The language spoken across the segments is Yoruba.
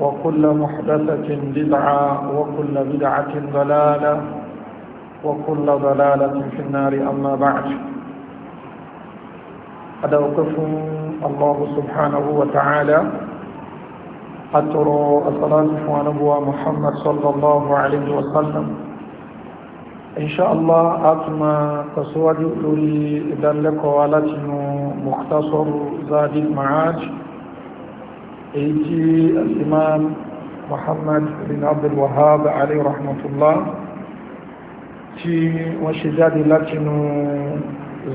وكل محدثة بدعة وكل بدعة ضلالة وكل ضلالة في النار أما بعد أدوقف الله سبحانه وتعالى أترى الصلاة ونبوة محمد صلى الله عليه وسلم إن شاء الله أتما تسوى لوري إذا لك مختصر زاد المعاج ايجي الامام محمد بن عبد الوهاب عليه رحمة الله في وشداد لكن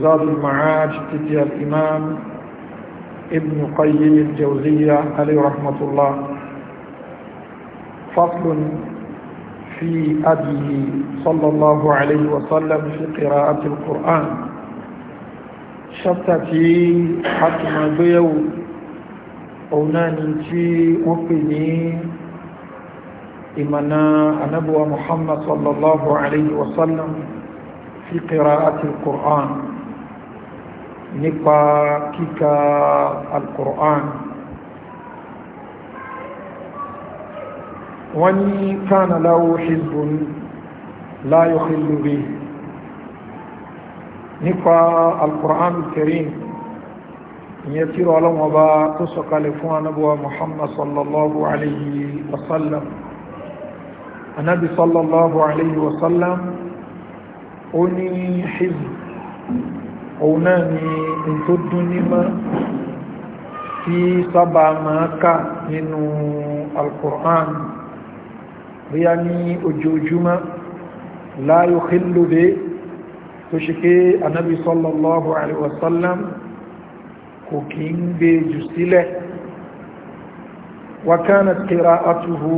زاد المعاج تجي الامام ابن قيم الجوزية عليه رحمة الله فصل في أبيه صلى الله عليه وسلم في قراءة القرآن شتتي حتما بيو òun náà ni tí wọ́n pè ní ìmọ̀nà anábúwa muhammad sallallahu alayhi wa sallam fi qira'ati al-qur'an nípa kíkà al-qur'an wọ́n ní kánà láwọ́ hizbun la yukhillu nípa al-qur'an al ìyẹn tí rọ ọlọ́wọ́ bá tó sọ̀kalẹ̀ fún anábúwa muhammad sallallahu alayhi wa sallam anábi sallallahu alayhi wa sallam ó ní hizb òun náà ni n tó dún nímọ̀ tí sábà máa kà nínú alkur'an bí a ní ojoojúmọ́ la yukhillu tó ṣe pé anábi sallallahu alayhi wa sallam kò kí ń gbé jù sílẹ̀ wakana kira atuhu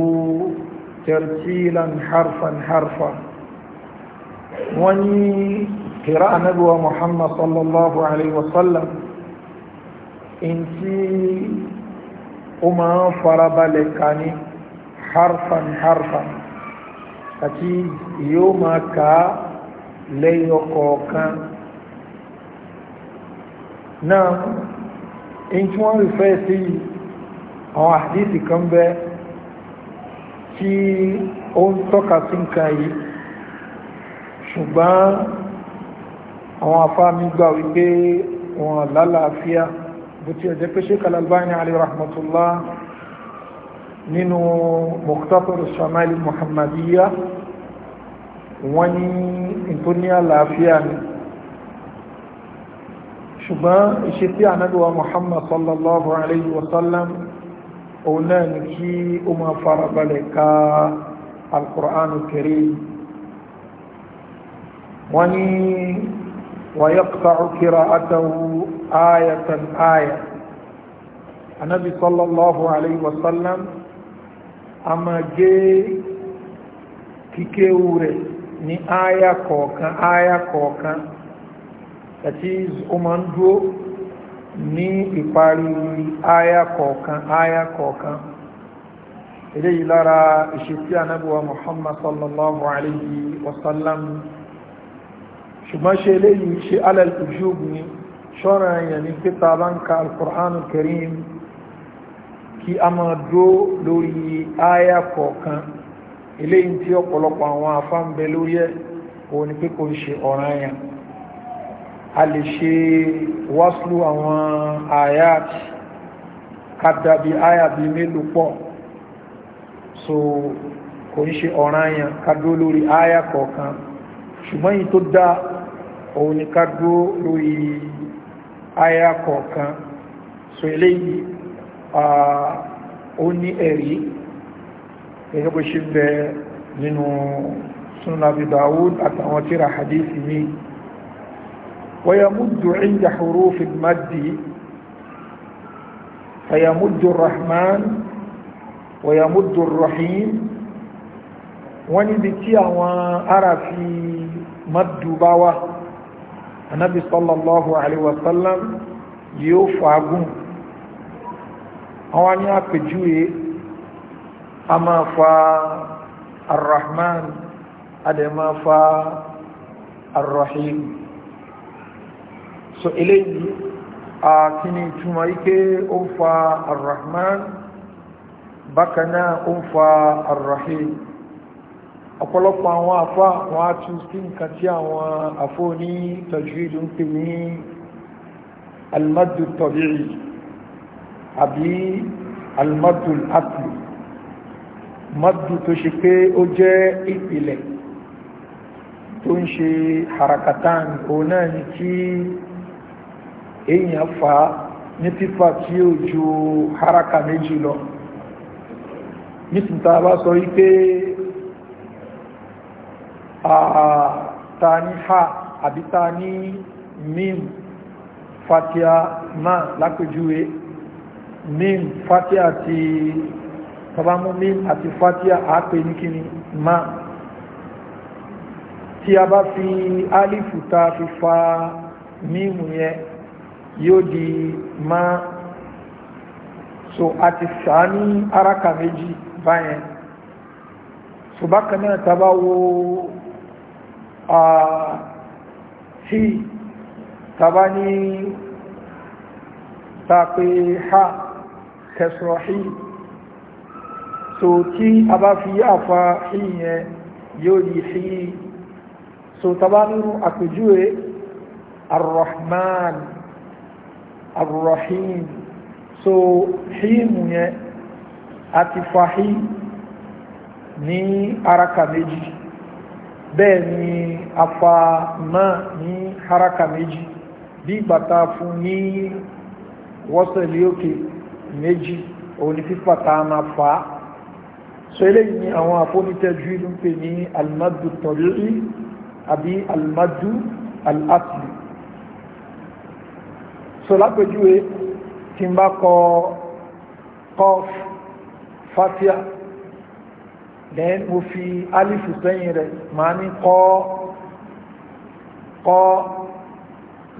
tartilan harfan harfan wọ́n ní kira anabuwa muhammad sallallahu alaihi wasallam in tí ó máa ń farabalẹ̀ ka ní harfan harfan àti yóò máa ka lẹ́yọ kọ̀ọ̀kan náà in tí wọ́n rìfẹ́ sí àwọn àdísì kan bẹ́ tí ó ń tọ́ka sí nǹkan yìí ṣùgbọ́n àwọn afáàmì gbà wípé wọn lálàáfíà bó ti ẹ̀jẹ́ pé Sheikh Al-Albani alayhi rahmatullah nínú Mukhtasar Shama'il Muhammadiyya wọ́n ní ìtòníà làáfíà ni ṣùgbọ́n ìṣe tí ànábíwá muhammad sallallahu alayhi wa sallam òun náà ni kí ó máa farabalẹ̀ ka alkùránù kéré wọ́n ní ويقطع قراءته آية آية النبي صلى الله عليه وسلم أما جي كيكيوري ni aya kọ̀ọ̀kan aya kọ̀ọ̀kan that is o ma ń dúó ní ìparí aya kọ̀ọ̀kan aya kọ̀ọ̀kan eléyìí lára ìṣesí anábíwa muhammad sallallahu alayhi wa sallam ṣùgbọ́n ṣe eléyìí ṣe alal ujub ni ṣọ́ra yẹn ní pípa bá ń ka alkur'an karim kí a máa dúó lórí aya kọ̀ọ̀kan eléyìí tí ọ̀pọ̀lọpọ̀ àwọn afáǹbẹ lórí ẹ̀ òun ni pé kò ń ṣe ọ̀ranyàn a lè ṣe wáṣlú àwọn ayat kàdàbí ayàbí mélòó pọ̀ so kò ń ṣe ọ̀ranyàn kádó lórí ayà kọ̀ọ̀kan ṣùgbọ́n yìí tó dá òun ni kádó lórí ayà kọ̀ọ̀kan so eléyìí ó ní ẹ̀rí gẹ́gẹ́ bó ṣe bẹ nínú sunan abi àtàwọn tíra hadithi míì ويمد عند حروف المد فيمد الرحمن ويمد الرحيم ونبتيا وأرى في مد بوا النبي صلى الله عليه وسلم يوفاقون àwọn ni a pèjúwe a máa fa arrahman a so eléyìí àkíní ìtumọ̀ ike ó ń fa arrahman bákanáà ó ń fa arrahim ọ̀pọ̀lọpọ̀ àwọn àfá wọn á tún sí nǹkan tí àwọn àfó ní tajwid ń pè almadu tabi'i àbí almadu asli madu tó ṣe pé ó jẹ́ ìpìlẹ̀ tó ń ṣe harakatan òun náà ni kí èèyàn fà á ní pípa tí ó ju haraka méjì lọ nítìta bá sọ wípé ta ha àbí ní mim fatia ma lápèjúwe mim fatia ti tàbámú mim àti fatia àápè ní ma tí a bá fi alifu ta fi fa mímù yẹn yóò di má so àti sàá ní araka méjì báyẹn so bákan náà tàbá wo tí tàbá ní tàpé ha kẹsùrọ̀ hì so tí a bá fi àfà hì yẹn yóò di hì so tàbá nínú àpèjúwe arrahman arrahim so himu yẹn àti fàáhí ní haraka méjì bẹ́ẹ̀ ni afa náà ní haraka méjì bí bàtà fún ní wọ́sẹ̀lì òkè méjì òun ni fífà so eléyìí ni àwọn afọ́nitẹ́jú ló ń pè ní almadu tọ́lẹ́rì àbí almadu al-asli so lápèjúwe tí n bá kọ kọf fatia then mo fi alifu sẹ́yìn rẹ̀ màá ní kọ́ kọ́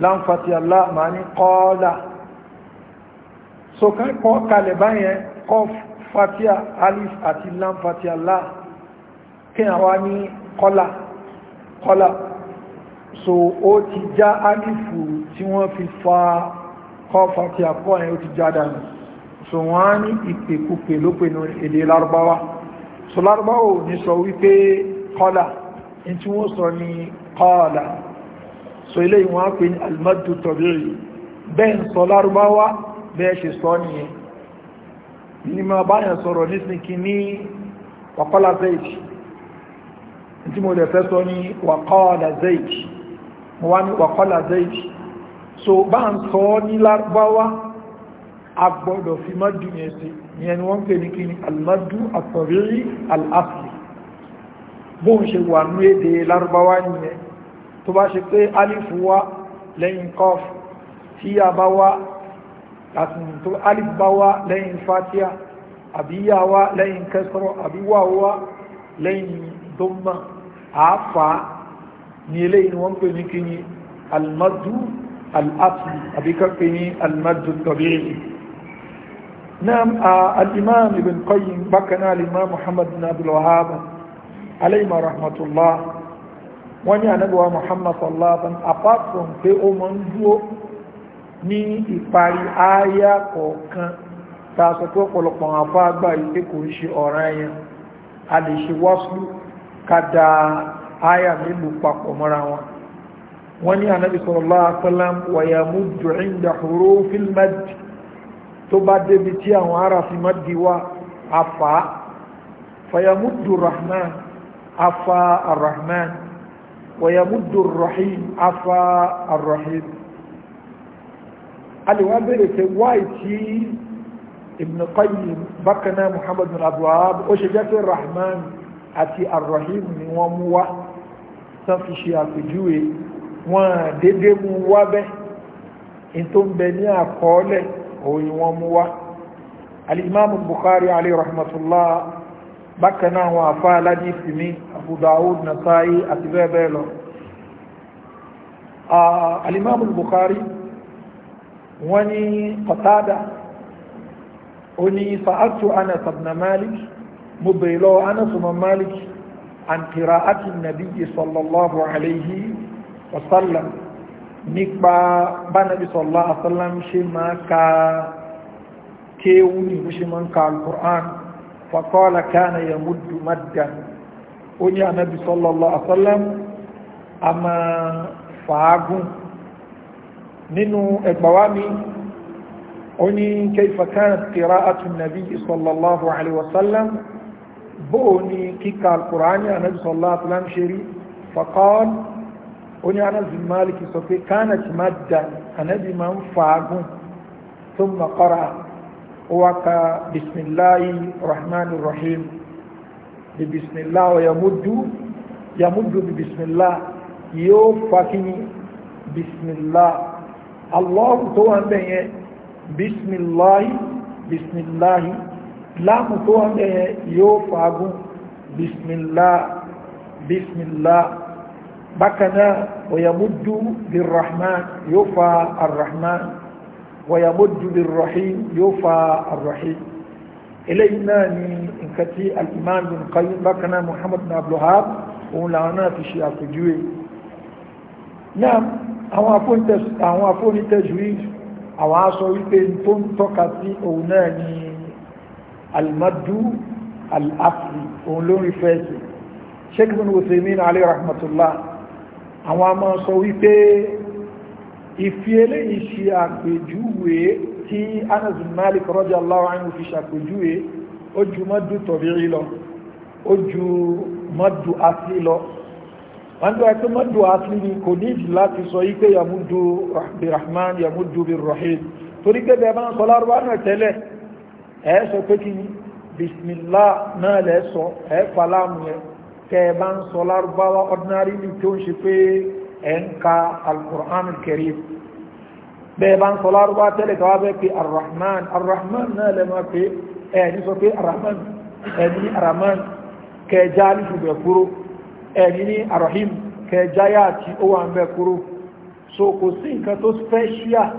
láǹfàtí Allah màá ní kọ́ọ́lá so kọ́ kalẹ̀ báyẹn kọ́ fatia alif àti láǹfàtí kí àwọn ní kọ́lá kọ́lá so o ti já alifu tí wọ́n fi fa kọfà tí a kọ́ yẹn ti já dànù so wọ́n á ní ìpèkúpè lópinu èdè lárúbáwá so larbawa ò ní sọ wípé kọ́là ní tí wọ́n sọ ní kọ́ọ̀là so ilé ìwọ̀n á pè ní almadu tọ̀bírì bẹ́ẹ̀ ń sọ lárúbáwá bẹ́ẹ̀ ṣe sọ nìyẹn ní ma báyàn sọ̀rọ̀ nísìnkí ní wàkọ́lá mo lè fẹ́ sọ ní wàkọ́ọ̀lá zaid wọ́n ní wàkọ́lá zaid so bá ń sọ ọ́ ní lárúbáwá agbọ́dọ̀ fi mọ́dù yẹn sí ìyẹn ni wọ́n pè ní kí ni almadu àtọ̀rírí al'asli bó ń ṣe wà ní èdè lárúbáwá yẹn tó bá ṣe pé alifu wá lẹ́yìn kọf tí a bá wá àtúntò alif lẹ́yìn fatia àbí yá wá lẹ́yìn kẹsọ́rọ̀ àbí wá wá lẹ́yìn dọ́mà àáfàá ní eléyìí ni wọ́n pè ní kíni almadu al'asli àbíkọ́ pè ní almadu tabi'i náà al'imam ibn qayyim bákaná al'imam muhammad bin abdul wahab alayhi rahmatullah wọ́n ní anábíwá muhammad sallallahu alaihi wasallam apart from pé ó mọ́ ń dúó ní ìparí ayá kọ̀ọ̀kan ta sọ pé àfá àgbà kò ń ṣe ọ̀ràn ẹ̀yẹn a lè ṣe wọ́sùlù kádàá aya mélòó papọ̀ mọ́ra wọn wọ́n ní anabi sallallahu alaihi wasallam wàyàmúdù inda hurufil mad tó bá débi tí àwọn arafi madi wá afa fàyàmúdù rahman afa arrahman wàyàmúdù rahim afa arrahim aliwa bèrè pé wáyé tí ibn qayyim bákanáà muhammadu abdullahi ó ṣe jẹ́ pé rahman àti arrahim ni wọ́n mú wá tán fi ṣe àpèjúwe wọn dédé mú wá bẹ́ in tó ń bẹ ní àkọọ́lẹ̀ òun wọn mú wá alimami Bukhari alayhi rahmatullah bákan náà wọn àfa aládé ìsinmi Abu Dawud Nasa'i àti bẹ́ẹ̀ bẹ́ẹ̀ lọ alimami Bukhari wọ́n ní Qatada ó fa'atu Anas ibn Malik mo bèèrè lọ Anas ibn Malik عن قراءة النبي صلى الله عليه وسلم nípa bánàbí sọ̀lá àsọ́lám ṣe máa ka kéwú ní bó ṣe máa ń ka al-Qur'an faqala kana yamuddu maddan ó ní ànábí sọ́lọ́lọ́ àsọ́lám a máa fàágùn nínú ẹgbàwá mi ó ní kayfa kanat qira'atu an-nabiy sallallahu alaihi wasallam بوني كيكا القرآن أنا صلى الله عليه وسلم شري فقال أني أنا مالك صفي كانت مادة أنا بمن فاقون ثم قرأ وكا بسم الله الرحمن الرحيم ببسم الله ويمد يمد ببسم الله يوفكني بسم الله الله تو بسم الله بسم الله láàmù tó wọ́n mẹ́yẹ yóò fagún bismillah bismillah bákanáà wàyàmúdú birrahman yóò fa arrahman wàyàmúdú birrahim yóò fa arrahim eléyìí náà ni nǹkan tí al-imam bin qayyim bákanáà muhammad bin abdullahab òun làwọn náà fi ṣe àpèjúwe náà àwọn afónitẹ́jú àwọn aṣọ wípé tó ń tọ́ka sí òun náà ni almadu al-afri òun ló ń rí fẹ́ẹ̀sì sheikh bin Uthaymeen alayhi rahmatullah àwọn a máa sọ wípé ìfi eléyìí ṣe àpèjúwe tí Anas bin Malik radiyallahu anhu fi ṣàpèjúwe ó ju madu tọ̀bírí lọ ó ju madu asli lọ wọ́n tó ẹ̀kọ́ mọ́dù asli ni kò ní ìjì láti sọ yí pé bi rahman yamudu bi rahim torí pé bẹ́ẹ̀ bá ń sọ lárúbá náà tẹ́lẹ̀ ẹ sọ pé kí ni bismillah náà lẹ sọ ẹ falamu yẹ kẹ ẹ bá ń sọ lárúbáwá ordinary ni tó ń ṣe pé ẹ ń ka al-Qur'an al-Karim bẹ́ẹ̀ bá ń sọ lárúbá tẹ́lẹ̀ tó wá bẹ́ẹ̀ pé arrahman arrahman náà lẹ máa pé ẹ ní sọ pé arrahman ẹ ní arrahman kẹ ẹ já ní ṣùgbọ́n kúrò ẹ ní ní arrahim kẹ ẹ já yá àti ó wà ń kúrò so kò sí nǹkan tó special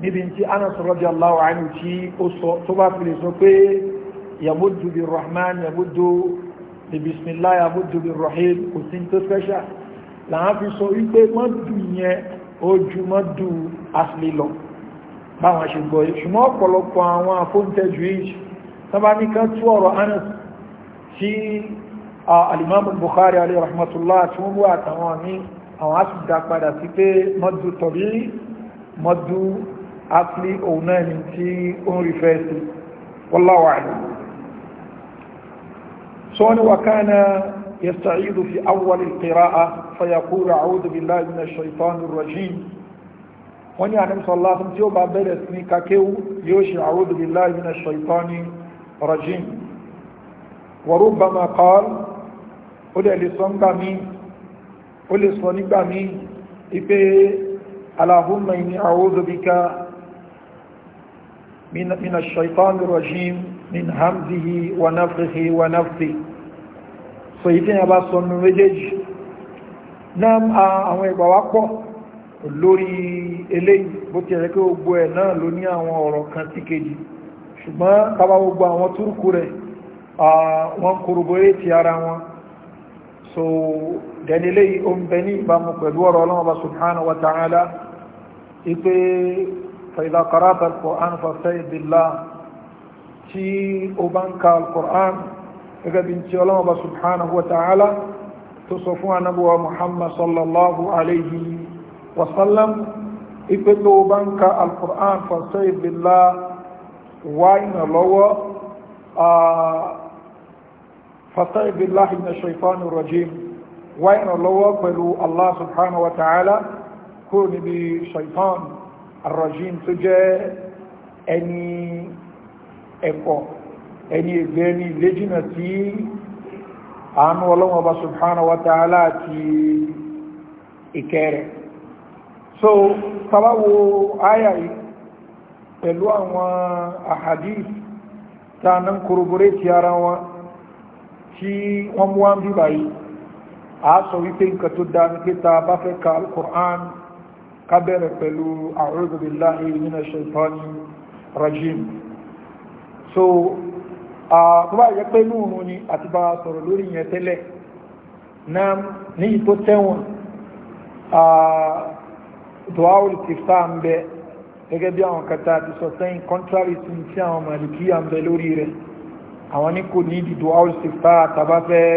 níbi tí anas radiyallahu anhu tí ó sọ tó bá fi lè sọ pé yamuddu bi rahman yamuddu bi bismillah yamuddu bi rahim kò sí tó special làwọn fi sọ wípé mọ́dù yẹn ojú mọ́dù asli lọ báwọn ṣe gbọ́ yìí ṣùgbọ́n ọ̀pọ̀lọpọ̀ àwọn afóńtẹ́jú yìí sábà asli òun náà ni tí ó ń rífẹ́ sí wallahu a'lam sọ́ni wa kana yasta'idu fi awwal al-qira'a fayaqulu a'udhu billahi minash shaitanir rajim wọ́n ní àdínsọ̀ aláàfin tí ó bá bẹ̀rẹ̀ sí ní kakéwú yóò ṣe a'udhu billahi minash shaitanir rajim wa rubbama qala ó dẹ̀ lè sọ nígbà míì ó lè ipe Allahumma inni a'udhu bika من, من الشيطان الرجيم من همزه ونفخه ونفثه سيدنا أبا صنع مجيج نعم àwọn ìgbà wá pọ̀ lórí eléyìí bó ti rẹ̀ kí gbogbo ẹ̀ náà ló ní àwọn ọ̀rọ̀ kan tí kejì ṣùgbọ́n kábá gbogbo àwọn túrùkù rẹ̀ wọ́n kúrùgbóyé ti ara wọn so dẹnilé o ń bẹ ní ìbámu pẹ̀lú ọ̀rọ̀ ọlọ́wọ́ subhanahu wa ta'ala ipe فإذا قرأت القرآن فاستعذ بالله تي أبنك القرآن إذا بنت الله سبحانه وتعالى تصفوا نبوة محمد صلى الله عليه وسلم إذا أبنك القرآن فاستعذ بالله وإن الله آه فاستعذ بالله من الشيطان الرجيم وإن الله قالوا الله سبحانه وتعالى كون بشيطان arrajim tó jẹ́ ẹni ẹ̀kọ́ ẹni ẹgbẹ́ ẹni léjìnà tí àánú ọlọ́wọ́ bá subhanahu wa ta'ala ti ìkẹrẹ̀ so tàbáwo áyà yìí pẹ̀lú àwọn ahadith ta nan kúrúbúrẹ́ ti ara wọn tí wọ́n mú wá ń bíbáyìí a sọ wípé nǹkan tó dá ní pé ta bá fẹ́ ka al kábẹ̀rẹ̀ pẹ̀lú a'udhu billahi minash shaitani rajim so tó bá yẹ pé ni àti bá sọ̀rọ̀ lórí yẹn tẹ́lẹ̀ náà ní ìtó tẹ́wọ̀n duwaul tifta ń bẹ gẹ́gẹ́ bí àwọn kata àti sọ sẹ́yìn contrary sí tí àwọn malikiya ń bẹ lórí rẹ̀ àwọn ní kò ní ìdí duwaul tàbá fẹ́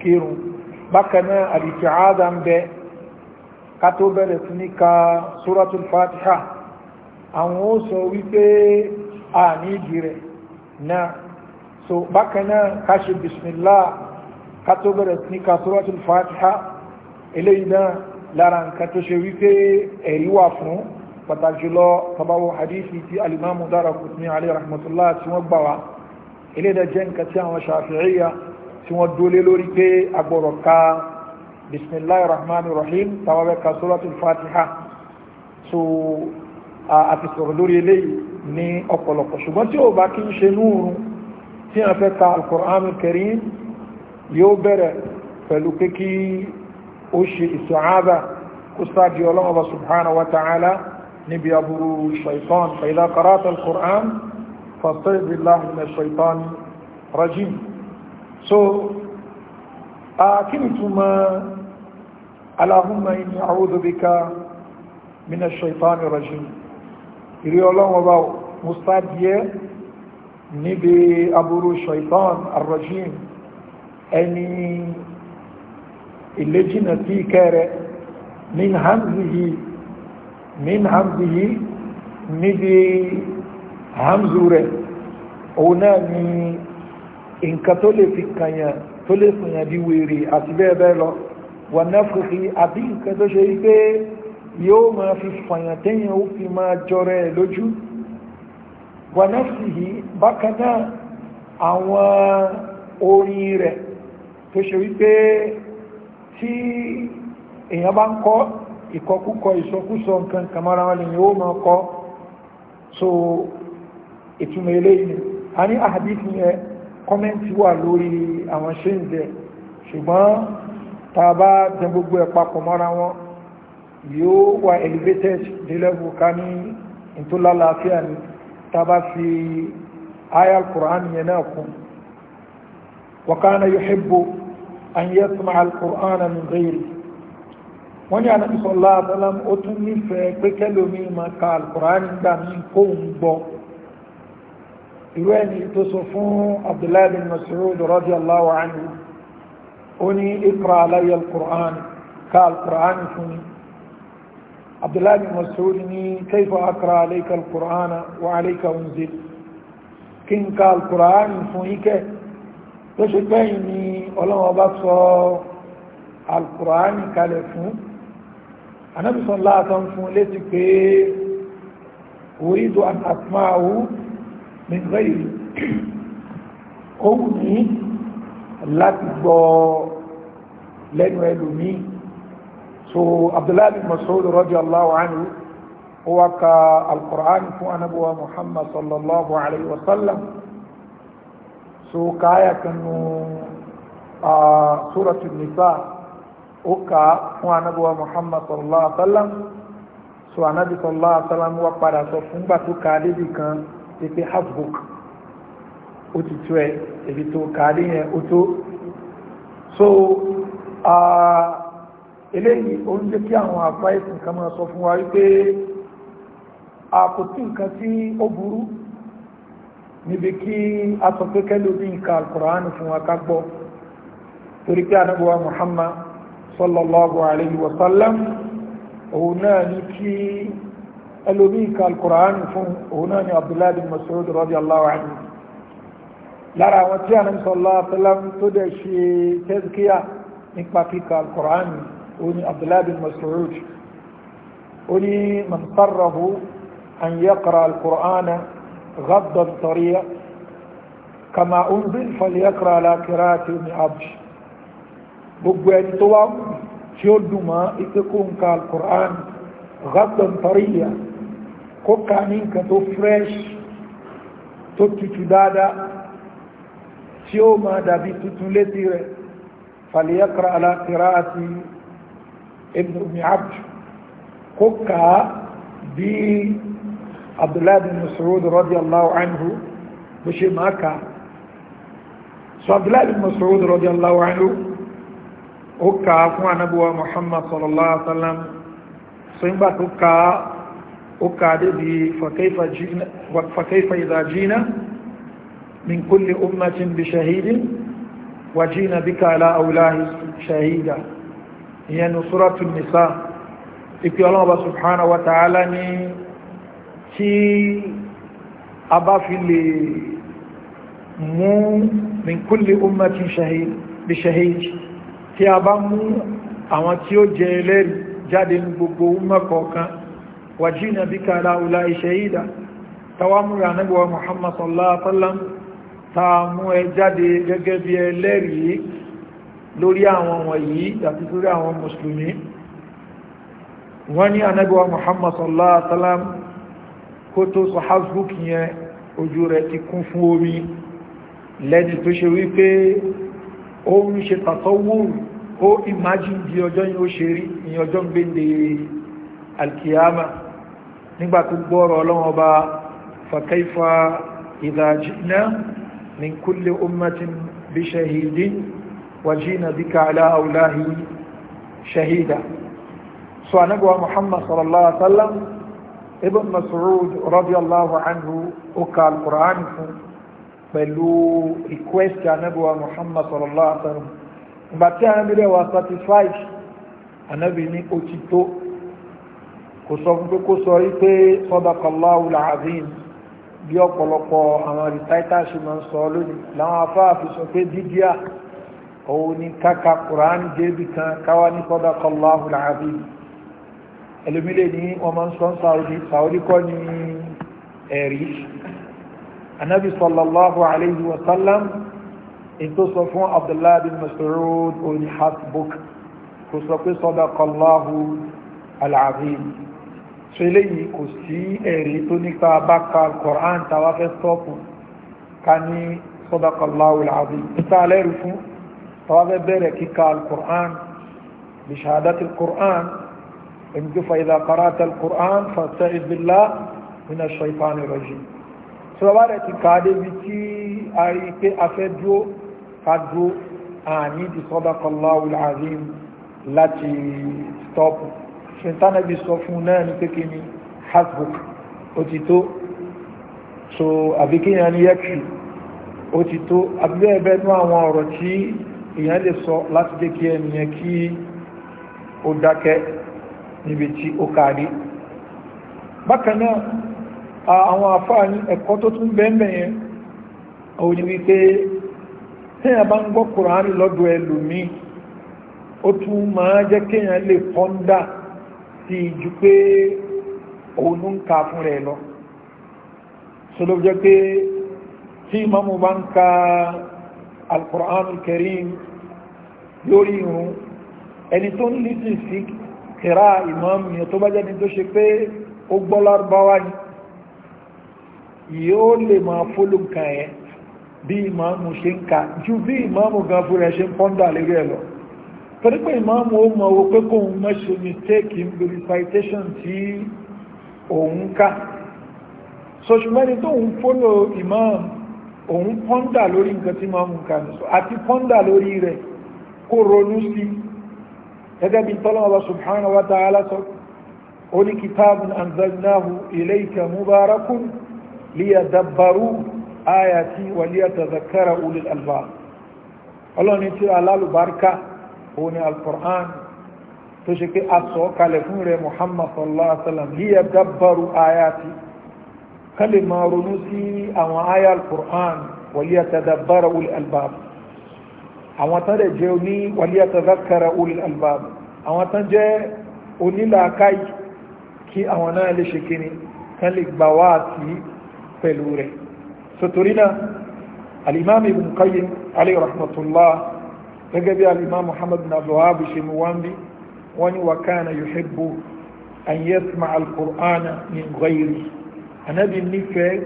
kírun bákan àdìtì àádá ń bẹ kátó bẹ̀rẹ̀ sí ní ka suratul fatiha àwọn ó sọ wípé a ní ìdí rẹ̀ náà so bákanáà ká ṣe bismillah kátó bẹ̀rẹ̀ sí ní ka suratul fatiha eléyìí náà lára nǹkan tó ṣe wípé ẹ̀rí wà fún pàtàkì jùlọ tabawo hadithi ti alimamu Daraqutni alayhi rahmatullah tí wọ́n gbà wá eléyìí náà jẹ́ nǹkan tí àwọn Shafi'iyya tí wọ́n dólé lórí pé agbọ̀rọ̀ ká bisimilahi rahman rahim tàwọn ka suratul fatiha so àti sọ̀rọ̀ lórí eléyìí ní ọ̀pọ̀lọpọ̀ ṣùgbọ́n tí ó bá kí ń ṣe núurun tí a fẹ́ ka alkùránù karim yóò bẹ̀rẹ̀ pẹ̀lú pé kí ó ṣe ìsọ̀háàbà kó sáàdì ọlọ́mọba subhanahu wa ta'ala níbi aburú shaitan fa'idha qara'ta alkùránù fasta'idh billahi minash shaitani rajim so a kí ni túmọ̀ اللهم إني أعوذ بك من الشيطان الرجيم إلي الله وباو مستعدية نبي أبورو الشيطان الرجيم أني اللي جنة في كره من همزه من همزه نبي همزوره أوناني إن كتولي في كايا تولي سنة دي ويري أتبع بيلو wọ̀nẹ́fùfì àbí nǹkan tó ṣe rí pé yóò máa fi fàyàn téèyàn ó fi máa jọrẹ ẹ̀ lójú wọ̀nẹ́fùfì yìí bákan náà àwọn orin rẹ̀ tó ṣe wípé tí èèyàn bá ń kọ́ ìkọkúkọ ìsọkúsọ nǹkan kàmọ́ra wọn lè yóò máa kọ́ so ìtumọ̀ eléyìí ni a ní àdífin ẹ kọ́mẹ́ntì wà lórí àwọn ṣe ń bẹ̀ ṣùgbọ́n tá a bá dẹ gbogbo ẹ̀ papọ̀ mọ́ra wọn yóò wà elevated dé level ká ní ìtòlálàáfíà ni tá a bá fi aya al-Qur'an yẹn náà kún wa kana yuhibbu an yasma'a al-Qur'an min wọ́n ní àná ìsọ̀lá àtàlám ó tún nífẹ̀ẹ́ pé kẹ́lómi máa ka al gbà mí kó ń gbọ́ irú ẹni tó sọ fún Abdullahi bin Mas'ud radiyallahu anhu ó ní ikra aláyẹ alkùrán ká alkùrán fún mi abdullahi bin masoud ní kaifa akra alayka alkùrán wa alayka unzil kí n ká alkùrán fún ike tó ṣe pẹ́yìn ni ọlọ́wọ́ bá sọ alkùrán kalẹ̀ fún anábìsọ̀ láàtọ̀ fún létí pé orídò àtàkùnmáà min ghayri ohun ní láti gbọ́ lẹ́nu ẹlòmí so abdullahi bin masoud radiyallahu anhu ó wá ka alkur'an fún anabuwa muhammad sallallahu alaihi wasallam so káyà kanu a suratul nisa ó ka fún anabuwa muhammad sallallahu alaihi wasallam so anabi sallallahu alaihi wasallam wá padà sọ fún gbàtúkà débi kan pípé hasbuk ó ti tú ẹ ibi tó kàálé yẹn ó tó so eléyìí ó ń jẹ́ kí àwọn àpá ìsìn kan máa sọ fún wa wípé àkótí nǹkan tí ó burú níbi kí a sọ pé kẹ́lú bí nǹkan alkùránì fún wa ká gbọ́ torí pé anábọ̀wá Muhammad sallallahu alayhi wa sallam òun náà ní kí ẹlòmí nǹkan alkùránì fún òun náà ní Abdullahi bin Mas'ud radiyallahu anhu lára àwọn tí a ní sọ́lá tẹ́lám tó dẹ̀ ṣe tẹ́síkíyà nípa kíkà alkùrán ó ní abdullahi bin mas'ud ó ní mọ̀nsárrahu an yaqra alkùrán غضا طريا كما أنزل فليقرأ على قراءة ابن gbogbo ẹni tó wá tí ó dùnmọ́ ìpínkù nǹkan alkùnrán tọ́ríyà kó ká ní nǹkan tó fresh tó tutù dáadáa tí ó máa dàbí tuntun létí rẹ̀ fàlìyàkàrà alákìrá àti ibn umi abdu kó kà á bí abdullahi bin mas'ud radiyallahu anhu bó ṣe máa kà á so abdullahi bin mas'ud radiyallahu anhu ó kà á fún anábúwa muhammad sallallahu alaihi so ń gbà tó kà ó kà á débi fa kayfa idha من كل أمة بشهيد وجينا بك على أولاه شهيدا هي نصرة النساء إكي الله سبحانه وتعالى tí a bá fi lè mú min kulli ummatin shahid bi shahid tí a bá mú àwọn tí ó jẹ ẹlẹ́rìí jáde ní gbogbo umma kọ̀ọ̀kan wajina bika ala ulai shahida tawamura nabuwa muhammad sallallahu alaihi wasallam ta mú ẹ jáde gẹ́gẹ́ bí ẹlẹ́rìí lórí àwọn wọ̀nyí àti lórí àwọn mùsùlùmí wọ́n ní anẹ́gbẹ̀wà Muhammad sallallahu alaihi wasallam kó tó sọ hasbuk yẹn ojú rẹ̀ ti kún fún omi lẹ́ni tó ṣe wípé ó ń ṣe tàtọ́wòrù ó imagine bí ọjọ́ yìí ó ṣe rí ìyẹn ọjọ́ ń gbéǹde alkiyama nígbà tó gbọ́rọ̀ ọlọ́wọ́n ọba fa kayfa idha ji'na من كل أمة بشهيد وجينا بك على أولاه شهيدا سوانقوى محمد صلى الله عليه وسلم ابن مسعود رضي الله عنه أكى القرآن pẹ̀lú request anabiwa muhammad sallallahu alaihi wasallam ìgbà tí anabi rẹ̀ wà satisfied anabi ní ó ti kò sọ fún pé kó sọ rí pé sadaqa Allahul bí ọ̀pọ̀lọpọ̀ àwọn rìtáítà ṣe máa ń sọ lónìí láwọn afáàfi sọ pé dídíà òun ni káka kùránì débi kan káwá ní sọ́dọ̀ kọláhùn làbí ẹlòmílẹ̀ ní wọ́n máa ń sọ Saudi Saudi kọ́ ní ẹ̀rí anabi sallallahu alayhi so eléyìí kò sí ẹ̀rí tó nípa báka Qur'an tàwa fẹ́ stọ́ọ̀pù ká ní sadaqallahu al-azim níta alẹ́rù fún tàwa fẹ́ bẹ̀rẹ̀ kíka Qur'an bi shahadati Qur'an ẹni tó fa idha qara'ta Qur'an fasta'iz billah minash shaitani rajim láti stọ́ọ̀pù ṣètànàbí sọ fún náà ní pé kí ni hasbuk ó so àbí ni yẹ́kì ó ti tó àbí bẹ́ẹ̀ bẹ́ẹ̀ nú àwọn ọ̀rọ̀ tí èèyàn lè sọ láti jẹ́ kí ẹnìyàn kí ó dákẹ́ níbi tí ó kárí bákan náà àwọn àfáà ní ẹ̀kọ́ tó tún bẹ́ẹ̀ yẹn òun ni wípé téèyàn bá ń gbọ́ kùránì lọ́dọ̀ ẹlòmíì ó tún máa jẹ́ kéèyàn lè pọ́ńdà sí ju pé òun ń ka fún rẹ̀ lọ sọlọ́ jẹ́ pé tí ìmáàmù bá ń ka alkùránù kẹrin lórí irun ẹni tó ń lítì sí kẹrà ìmáàmù yẹn tó bá jẹ́ ni tó ṣe pé ó gbọ́ lárúbáwá yìí lè máa fóló nǹkan yẹn bí ìmáàmù ṣe ń ka ju bí ìmáàmù gan fún rẹ̀ ṣe ń pọ́ndà lérí ẹ̀ lọ torí pé ìmáàmù ó mọ̀ wọ́pẹ́ kó ń mọ́ ṣe mistake in the recitation tí òun ká so ṣùgbọ́n ẹni tó ń fólò ìmáàmù òun pọ́ndà lórí nǹkan tí máa mú ká nìsọ àti pọ́ndà lórí rẹ̀ kó ronú sí gẹ́gẹ́ bí tọ́lọ́wọ́ subhanahu wa ta'ala sọ ó ní kitabun anzalnahu ilayka mubarakun liyadabbaru ayati wa liyatadhakkara ulul albab ọlọ́ni tí alálùbáríkà òun ni al-Qur'an tó ṣe pé a sọ kalẹ̀ fún rẹ̀ Muhammad sallallahu alaihi wa sallam hiya dabbaru ayati ká lè máa ronú sí àwọn aya al-Qur'an waliyatadabbara ul albab àwọn tán lè jẹ́ oní waliyatadhakkara ul albab àwọn tán jẹ́ onílàákàyè kí àwọn náà lè ṣe kíni kan lè gbà wá àti pẹ̀lú rẹ̀ sotorina al-Imam Ibn Qayyim alayhi rahmatullah gẹ́gẹ́ bí alimá muhammad bin abdullahi ṣe mú wá ń bí wọ́n ní wa kana yuhibbu an yasma alqur'ana min ghayri anabi nífẹ̀ẹ́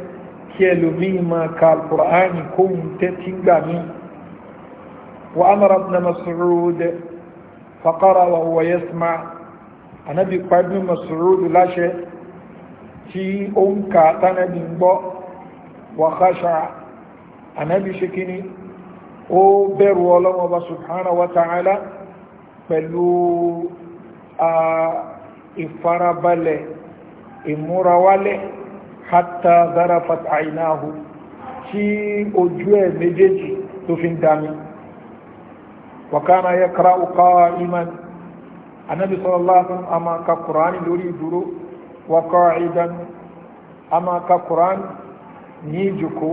kí ẹlòmíì máa ka alqur'ani kó ń tẹ́tí gbà mí wa amara ibn mas'ud faqara wa huwa yasma anabi pàdé mas'ud láṣẹ tí ó ń ka tánàbí ń gbọ́ wa khasha anabi ṣe kíni ó bẹ̀rù ọlọ́mọba subhanahu wa ta'ala pẹ̀lú ìfarabalẹ̀ ìmúrawálẹ̀ hatta zarafat àìnáhù tí ojú ẹ̀ méjèèjì tó fi ń dami wakana ya kara uka iman anabi sallallahu alaihi wasallam ama ka qur'ani lórí ìdúró wa qa'idan ama ka qur'ani ní ìjòkó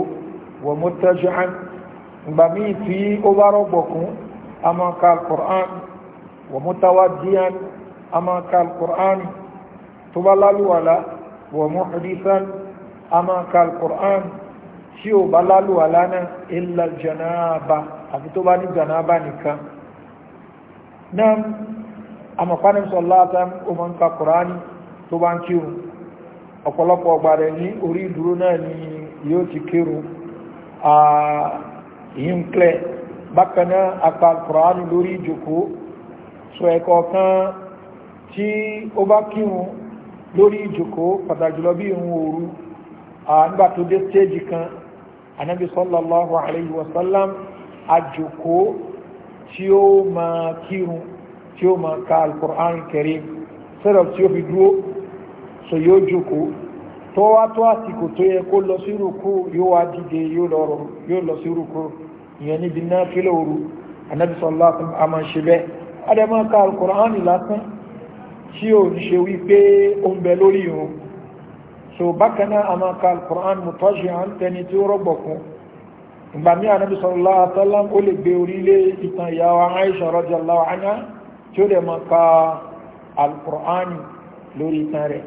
wa mutaji'an ìgbà míì tí ó bá rọ̀gbọ̀kún a máa ka alkùrán wà mutawadiyan a máa ka alkùrán tó bá lálùwàlá wà muhdisan a máa ka alkùrán tí ó bá lálùwàlá náà illa janaba àfi tó bá ní janaba nìkan náà amafanin sallata umar ka kurani tó bá ń kírun ọ̀pọ̀lọpọ̀ ọgbàrẹ̀ ní orí ìdúró náà ni yóò ti kírun ìyún clear bákan náà apá alkùránì lórí ìjòkó sọ ẹ̀kọ́ kan tí ó bá kírun lórí ìjòkó pàtàkì jùlọ bí ìrun òru nígbà tó dé stéèjì kan anábì sallallahu alayhi wa sallam àjòkó tí ó máa kírun tí ó máa ka alkùránì karim sẹ́dọ̀ tí ó fi dúró sọ yóò jòkó tó àsìkò tó yẹ kó lọ sí rúkú yóò wá dìde yóò lọ sí rúkú ìyẹn níbi náà fílẹ̀ òru anábì sallallahu alaihi wasallam a máa ń ṣe bẹ́ẹ̀ adama ka alkùránì lásán tí ó ń ṣe wípé ó ń bẹ lórí ìrun so bákanáà a máa ka alkùránì mutashi à ń tẹni tí ó rọ̀gbọ̀kún ìgbà mí anábì sallallahu ó lè gbé orílẹ̀ ìtàn ìyàwó Aisha radiyallahu anha tí ó dẹ̀ máa ka alkùránì lórí ìtàn rẹ̀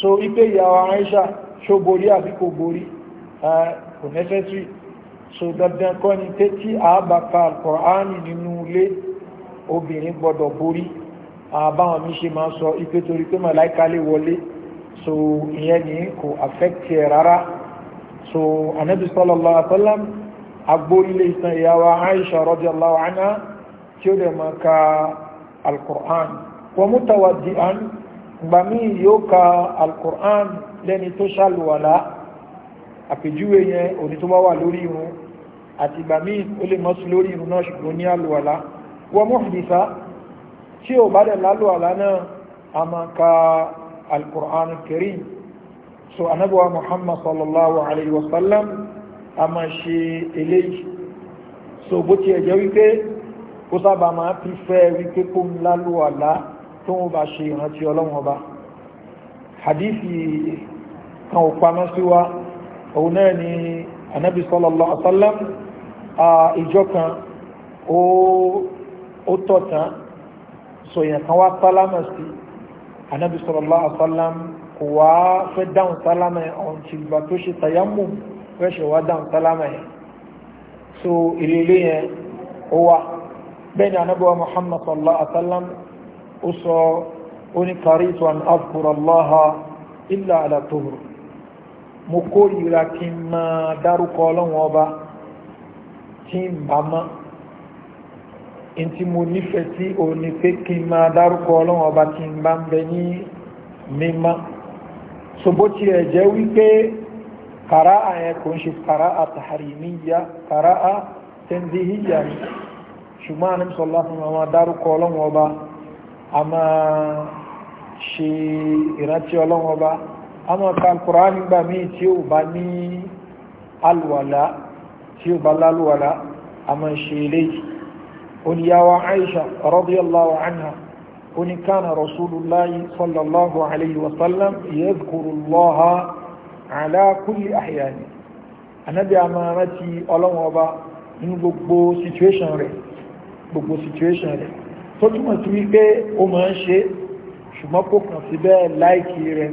so ipe ìyàwó Aisha ṣó borí àbí kò borí kò necessary so dandan kọ́ ni tẹ́tí àbàkà alkọ̀ránì nínú ilé obìnrin gbọ́dọ̀ borí àbáwọn mi ṣe máa sọ ipe torí pé màláìka lè wọlé so ìyẹn ní kò affect ẹ rárá so anabi sallallahu alaihi wa sallam agbórílé ìtàn ìyàwó aisha radiyallahu anha tí ó dẹ̀ máa ka alkọ̀ránì wọ́n mú tàwádìí àn gbàmí yóò ka alkọ̀ránì lẹ́ni tó ṣàlùwàlá àpèjúwe yẹn òní tó bá wà lórí irun àti ìgbà míì ó lè mọ́sí lórí irun náà ṣùgbọ́n ní àlùwàlá wọ́n muhdisa tí ò bá dẹ̀ lálùwàlá náà a máa ka alkùránù karim so anábọ̀wá muhammad sallallahu alayhi wa sallam a máa ṣe eléyìí so bó ti ẹ̀jẹ̀ wípé kó sábà máa fi fẹ́ wípé kó ń lálùwàlá tó ń bá ṣe ìrántí ọlọ́wọ́n ọba hadithi kan ò pamọ́ sí wa òun náà ni anabi sallallahu alaihi wasallam ìjọ kan ó tọ̀ tán sọ̀yàn kan wá sálámà sí anabi sallallahu alaihi wasallam kò wá fẹ́ dáhùn sálámà yẹn ọ̀hún ti gbà tó ṣe tàyámù fẹ́ ṣe wá dáhùn sálámà yẹn so ìrèlè yẹn ó wà bẹ́ẹ̀ ni anabi wa muhammad sallallahu alaihi ó sọ ó ní karitu an azkura illa ala tuhur mo kórìíra kí n máa dárúkọ ọlọ́run ọba tí n bá mọ́ in tí mo nífẹ̀ẹ́ sí òun ni pé kí n máa dárúkọ ọlọ́run ọba tí n bá ń bẹ ní mímọ́ so bó tiẹ̀ jẹ́ wípé kàrá àyẹn kò ń ṣe kàrá àtàrímíyà kàrá àtẹ́ndíhíyà ni ṣùgbọ́n àní sọ̀lá fún àwọn adárúkọ ọlọ́run ọba a máa ṣe ìrántí ọlọ́run ọba àmọ́ ka alkùrán nígbà míì tí ó bá ní alwàlá tí ó bá lálùwàlá àmọ́ ṣe eléyìí oníyàwó aisha radiyallahu anha oní kánà rasulullahi sallallahu alayhi wa sallam yadhkurullaha ala kulli ahyani anabi amara ti ọlọ́wọ́ ọba nínú gbogbo situation rẹ̀ gbogbo situation rẹ̀ tó túmọ̀ sí wípé ó máa ń ṣe ṣùgbọ́n kò kàn sí bẹ́ẹ̀ láìkì rẹ̀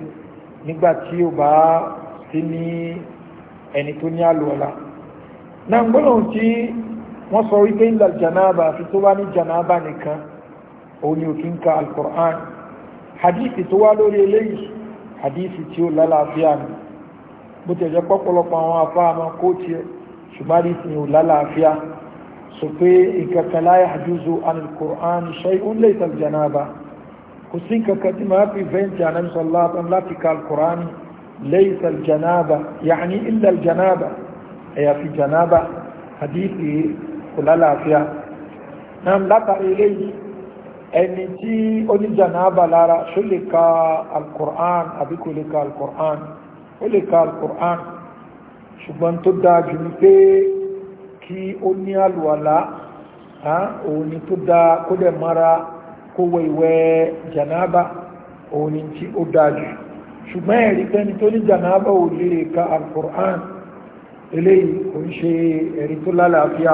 nígbà tí ó bá sí ní ẹni tó ní àlùwàlá náà gbọ́dọ̀ tí wọ́n sọ wípé ilẹ̀ janaba àfi tó bá ní janaba nìkan òun ni òkín ka al-Qur'an hadithi tó wá lórí eléyìí hadithi tí ó lálàáfíà ni bó ti ẹ̀jẹ̀ pọ́pọ̀lọpọ̀ àwọn afáàmọ́ kó tiẹ̀ ṣùgbọ́n hadithi ni ó lálàáfíà sọ pé ìkẹkẹlá yahjuzu anil Qur'an shay'un laysa al-janaba kò sí kankan tí máa fi fẹ́ǹtì ànábì sallallahu alaihi wasallam láti ka alquran laysa aljanaba ya'ni illa aljanaba ẹ̀yà fi janaba hadithi kò lálàáfíà náà látàrí eléyìí ẹni tí ó ní janaba lára ṣó lè ka alquran àbí kò lè ka alquran ó lè ka alquran ṣùgbọ́n tó dáa jù ní pé kí mara kó wẹ ìwẹ̀ jànáàbà òun ni tí ó dájú ṣùgbọ́n ẹ̀rí pẹ́ni tó ní jànáàbà ò lè ka alkùrán eléyìí kò ń ṣe ẹ̀rí tó lálàáfíà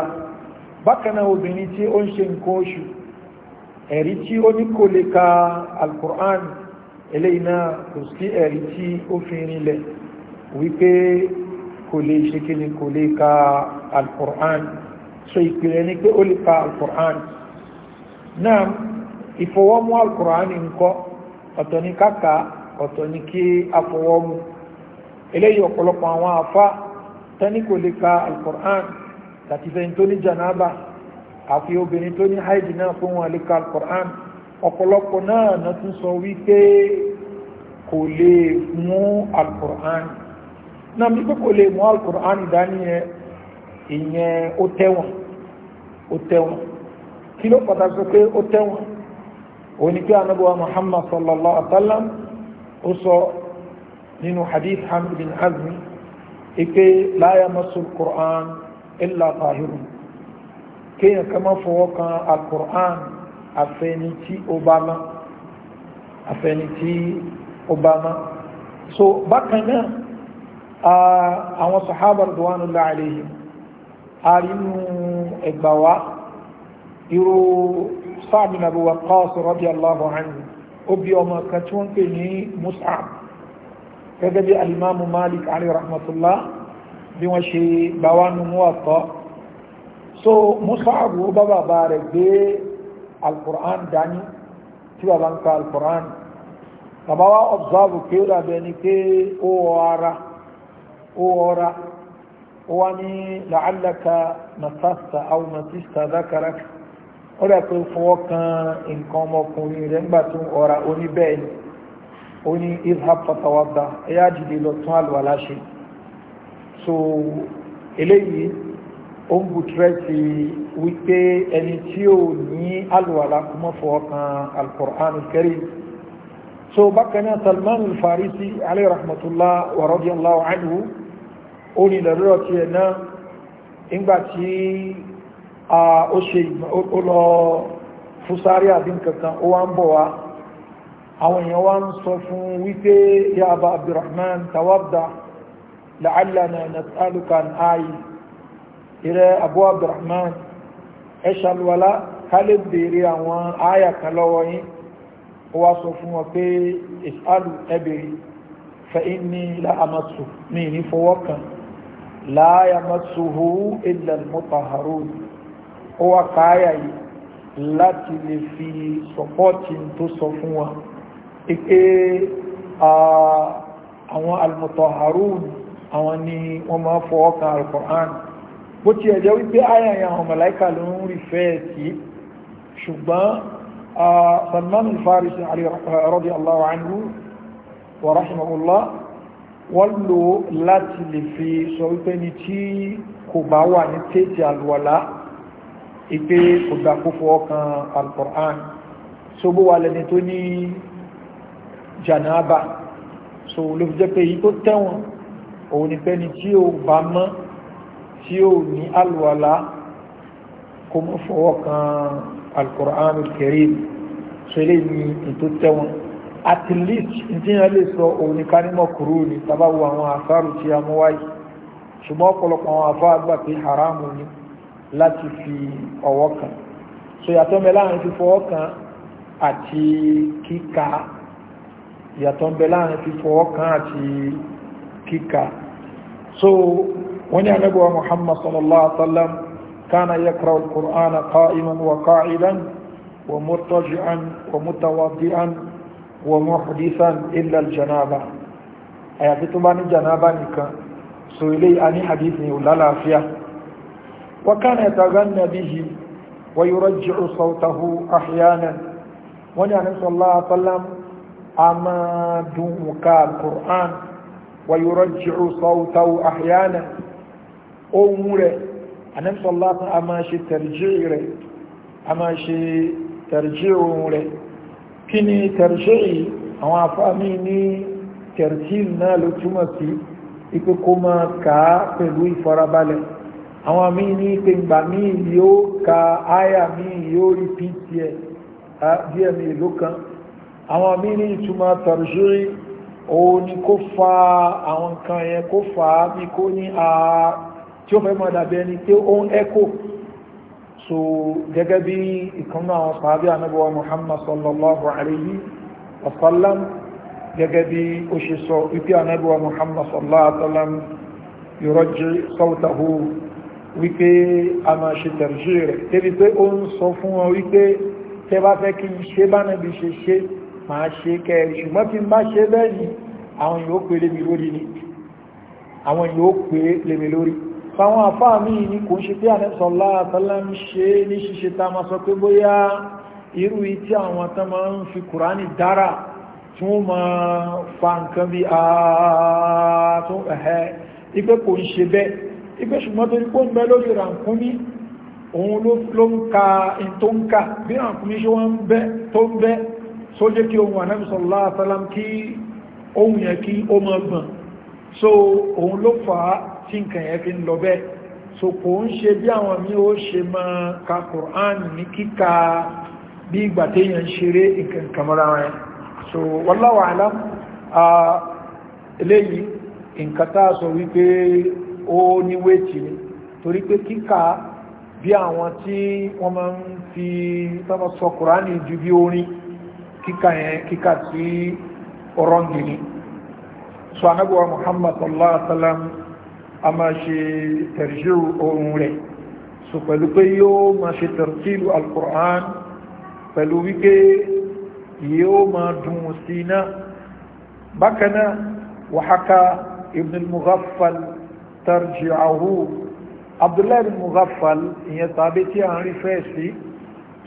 bákanáà obìnrin tí ó ń ṣe nǹkan oṣù ẹ̀rí tí ó ní kò lè ka alkùrán eléyìí náà kò sí ẹ̀rí tí ó fi rinlẹ̀ wípé kò lè ṣe kí ni kò lè ka alkùrán so ìpìlẹ̀ ni pé ó lè ka alkùrán náà ìfọwọ́mú alkùránì ńkọ́ ọ̀tọ̀ ní káka ọ̀tọ̀ ní kí afọwọ́mú eléyìí ọ̀pọ̀lọpọ̀ àwọn afá tẹ́ni kò lè ka alkùrán tàti fẹ́ni tó ní janaba àfi obìnrin tó ní haidi náà fún wọn lè ka alkùrán ọ̀pọ̀lọpọ̀ náà na tún sọ wípé kò lè mú alkùrán náà bí kò lè mú alkùrán ìdániyẹn ìyẹn ó tẹ́wọ̀n kí ló pàtàkì pé ó tẹ́wọ̀n oníkẹ́ anábọ̀wá muhammad sallallahu alaihi wa sallam ó sọ nínú hadith hamid bin azmi ike láyà masul qur'an illa tahirun kéèyàn ká má fọwọ́ kan alqur'an àfẹ́ni tí ó bá má àfẹ́ni tí ó so bákan náà àwọn sahaba radwanullahi alaihim arínú ẹgbàwá irú Sa'd bin Abi Waqqas radiyallahu anhu ó bí ọmọ kan tí wọ́n pè ní Mus'ab gẹ́gẹ́ bí alimamu Malik alayhi rahmatullah bí wọ́n ṣe bawanu Muwatta so Mus'ab ó bá bàbá rẹ̀ gbé alkur'an dání tí bàbá ń ka alkur'an bàbá wa observe pé ó dàbẹ̀ ni pé ó wọ ó wọ ó wá ní la'allaka nasasta aw nasista dhakaraka ó dà pé fọwọ́ kan nǹkan ọmọkùnrin rẹ̀ nígbà tó ń ọ̀ra oní bẹ́ẹ̀ ni ó ní ilha fatawadda ẹ̀yà dìde lọ tún àlùwàlá ṣe so eléyìí ó ń bùtúrẹ́sì wípé ẹni tí ó ní àlùwàlá kó fọwọ́ kan al-Qur'an so bákan náà Salman al-Farisi alayhi rahmatullah wa radiyallahu anhu ó ní lọ́rọ̀ tiẹ̀ náà nígbà tí ó ṣe ó lọ fúsárì àbí nkankan ó wá ń bọ̀ wá àwọn èèyàn wá ń sọ fún wípé ya Aba Abdurrahman tawadda la'allana nas'aluka an ayi ìrẹ́ Abu Abdurrahman ẹ̀ṣàlùwàlá ká lè bèèrè àwọn àyà kan lọ́wọ́ yín ó wá sọ fún wọn pé ìsàlù ẹbẹ̀rẹ̀ fa'inni la'amatsu ní ìnífọwọ́ kan la yamatsuhu illa al-mutahharun ó wá káyà yìí láti lè fi sọpọ́tì tó sọ fún wa pé àwọn almutahharun àwọn ni wọ́n máa fọ ọkàn alquran bó ti ẹ̀jẹ́ wípé àyà yẹn àwọn màláíkà ló ń rí fẹ́ sí ṣùgbọ́n Salman al-Farisi radiyallahu anhu wa wọ́n lò láti lè fi sọ wípé ní tí kò bá wà ní tètè alwala ipe kò gbà kófò ọkàn alkùrán sógbó wà lẹ́ni tó ní janaba so ló fi jẹ́ pé èyí tó tẹ́wọ̀n òun ni pẹ́ni tí ó bá mọ́ tí ó ní alùwàlá kó mọ́ fọwọ́ kan alkùrán kẹrin so ilé ní ètò tẹ́wọ̀n at least ǹjẹ́ yẹn lè sọ òun ni kánímọ̀ kúrò ní tàbáwo àwọn àfáàrù tí a mú wáyé ṣùgbọ́n ọ̀pọ̀lọpọ̀ àwọn àfáà gbà pé haramu ni. So, láti fi ọwọ́ kan so yàtọ̀ ń bẹ láàrin fífọ ọwọ́ kan àti kíka yàtọ̀ ń bẹ láàrin fífọ ọwọ́ kan àti kíka so wọ́n ní anábọ̀wá muhammad sallallahu alaihi wa kana yakra al-qur'ana qa'iman wa qa'idan wa murtaji'an wa mutawaddi'an wa muhdithan illa al-janaba àyàfi tó bá janaba nìkan so ilé a hadith ni ò lálàáfíà وكان يتغنى به ويرجع صوته أحيانا ونعم صلى الله عليه وسلم أما دمك القرآن ويرجع صوته أحيانا أمره أنم صلى الله عليه وسلم أما شي ترجعي أما شي ترجعي كني ترجعي أو أفهميني ترتيل نالو تمسي إكو كما كا فلوي فربالي àwọn míì ní pé ìgbà míì yóò ka àyà míì yóò rí pìtì ẹ̀ díẹ̀ míì ló kan àwọn míì ní ìtumọ̀ tàrùsírí òun ni kó fa àwọn nǹkan yẹn kó fa bí kó ní a tí ó fẹ́ mọ̀ dàbí ẹni tí ó ń ẹ́kò so gẹ́gẹ́ bí ìkan náà àwọn sàábí anábọ̀wá muhammad sallallahu alayhi wa sallam gẹ́gẹ́ bí ó ṣe sọ ipi anábọ̀wá muhammad sallallahu alayhi wa sallam yurajji sawtahu wípé a máa ṣe tẹ̀rìṣì rẹ̀ débi pé ó ń sọ fún wọn wípé tẹ bá fẹ́ kí n ṣe bá náà bí ṣe ṣe máa ṣe kẹrì ṣùgbọ́n kí n bá ṣe bẹ́ẹ̀ ni àwọn yóò pè lémi lórí ni àwọn yóò pè lémi lórí fáwọn àfáà míì ní kò ń ṣe pé ànẹ́sọ̀lá àtàlá ń ṣe ní ṣíṣe tá máa sọ pé bóyá irú tí àwọn tán máa ń fi kùránì dára tí wọ́n máa fa nǹkan bí ààtún ẹ̀hẹ́ ipé kò ń ṣe bẹ́ẹ̀ ipé ṣùgbọ́n tó ní kó ń bẹ lórí ràǹkúnmí òun ló ń ka in tó ń ka bí ràǹkúnmí ṣe wọ́n tó ń bẹ só jẹ́ kí ohun ànábì sallallahu alaihi wasallam so òun ló fà á so kò ń ṣe bí àwọn mí ó ṣe máa ka so wallahu a'lam ah, eléyìí nǹkan tá a sọ wípé ó ní wéètì ni torí pé kíkà bí àwọn tí wọ́n máa ń fi tọ́nà sọ kùránì ju bí orin kíkà yẹn kíkà sí ọ̀rọ̀ǹgì ni so anábíwá muhammad sallallahu alaihi a máa ṣe tẹ̀rìṣẹ́ ohun rẹ̀ so pẹ̀lú pé yóò máa ṣe tẹ̀rìṣẹ́ al pẹ̀lú wípé yóò máa dùn sí náà bákanáà wàhákà ibn al-mughaffal ترجعه عبد الله بن مغفل هي ثابتة عن فاسي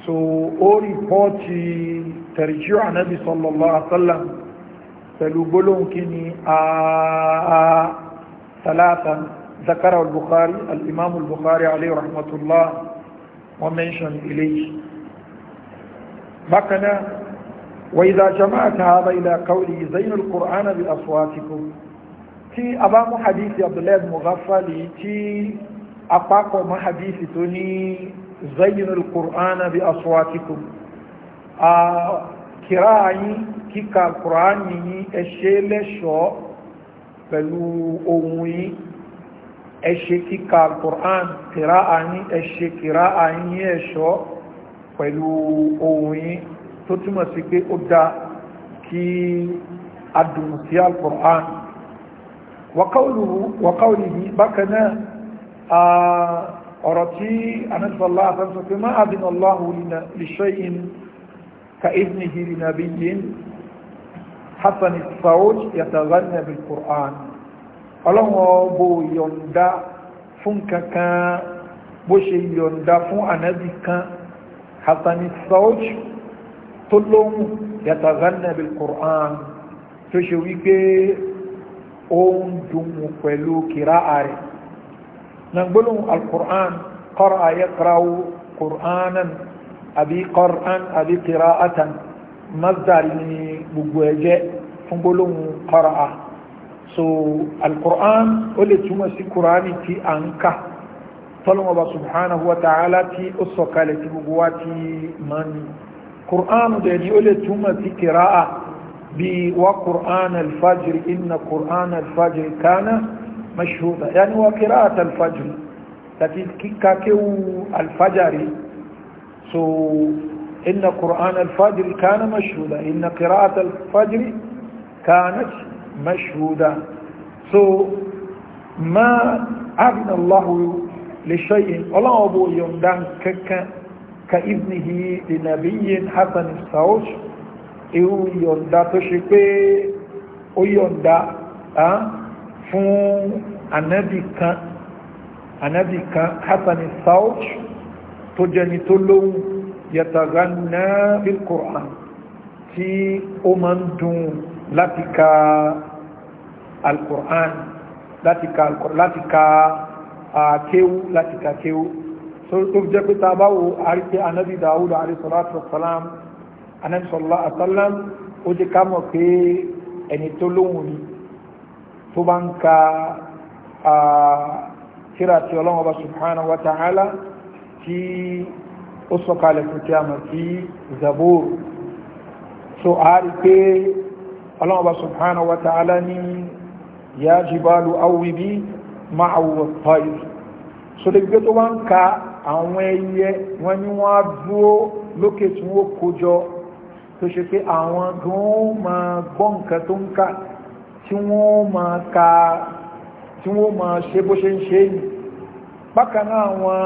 سو أولي بوتي ترجع النبي صلى الله عليه وسلم تلو بلون كني ثلاثا ذكره البخاري الإمام البخاري عليه رحمة الله ومنشن إليه بكنا وإذا جمعت هذا إلى قوله زين القرآن بأصواتكم tí a bá mú hadithi abdullahi mughaffali tí apákọ̀ mọ́ hadithi tó ní zayyinul qur'ana bi aswatikum a kira yi kíkà qur'ani yi ẹ ṣe lẹ́ṣọ́ pẹ̀lú ohun yìí ẹ̀ṣe kíkà al-Qur'an kìrá àyín ẹ̀ṣe kìrá àyín ẹ̀ṣọ́ pẹ̀lú ohun yìí tó túnmọ̀ sí pé ó dá kí adùn sí al-Qur'an wàkọ́lùhù bákan náà ọ̀rọ̀ tí anájúfàlá àtànsọ pé máa àbínà aláhù lìṣẹ́yìn ka ìdínì hìrì na bí yìí hassan saud yàtàzánà bí kùrán ọlọ́wọ́ bó yọ̀nda fún kankan bó ṣe yọ̀nda fún anábì kan hassan saud tó lóhun yàtàzánà bí kùrán tó ṣe wípé ohun dùnmù pẹ̀lú kìrá ààrẹ na gbólóhùn alkùrán kọ́rọ̀ ayé kíráwó kùránán àbí kọ́rán àbí kìrá àtàn mazdari ni gbogbo ẹ̀jẹ̀ fún gbólóhùn kọ́rọ̀ à so alkùrán ó lè túmọ̀ sí kùránì tí a ń kà tọ́lọ́mọ̀ bá subhanahu wa ta'ala tí ó sọ̀kalẹ̀ tí gbogbo wa ti mọ́ ni kùránù dẹ̀ túmọ̀ sí kìrá àtàn بي وقرآن الفجر إن قرآن الفجر كان مشهودا يعني وقراءة الفجر لكن كاكيو الفجر سو إن قرآن الفجر كان مشهودا إن قراءة الفجر كانت مشهودا سو ما أغنى الله لشيء الله أبو يندان كإذنه لنبي حسن الصوت irú yọ̀ǹda tó ṣe pé ó yọ̀ǹda fún ànábì kan hasani sauch tó jẹni tó lóhun yàtàgánná bilkoran tí ó máa ń dùn láti ka alkoran láti ka alkoran láti ka kéwú láti ka kéwú tó jẹ́ pé tá a bá wo àríkẹ́ ànábì dàúdà àrísọ́lá tó sàlámù Ànábì sallallahu alaihi wasallam ó jẹ́ ká mọ̀ pé ẹni tó lóhùn ni tó bá ń ka tírà tí Ọlọ́run Ọba subhanahu wa ta'ala tí ó sọ̀kalẹ̀ fún tí a mọ̀ sí Zabur so a rí pé Ọlọ́run Ọba wa ta'ala ní ya jibalu awwibi ma'ahu wat-tayr so lè gbé tó wá ń ka àwọn ẹyẹ wọn ni wọ́n á dúró lókè tí wọ́n kó jọ tó ṣe pé àwọn gan máa gbọ́ nǹkan tó ń ká tí wọ́n máa ka tí wọ́n máa ṣe bó ṣe ń ṣe yìí bákan náà àwọn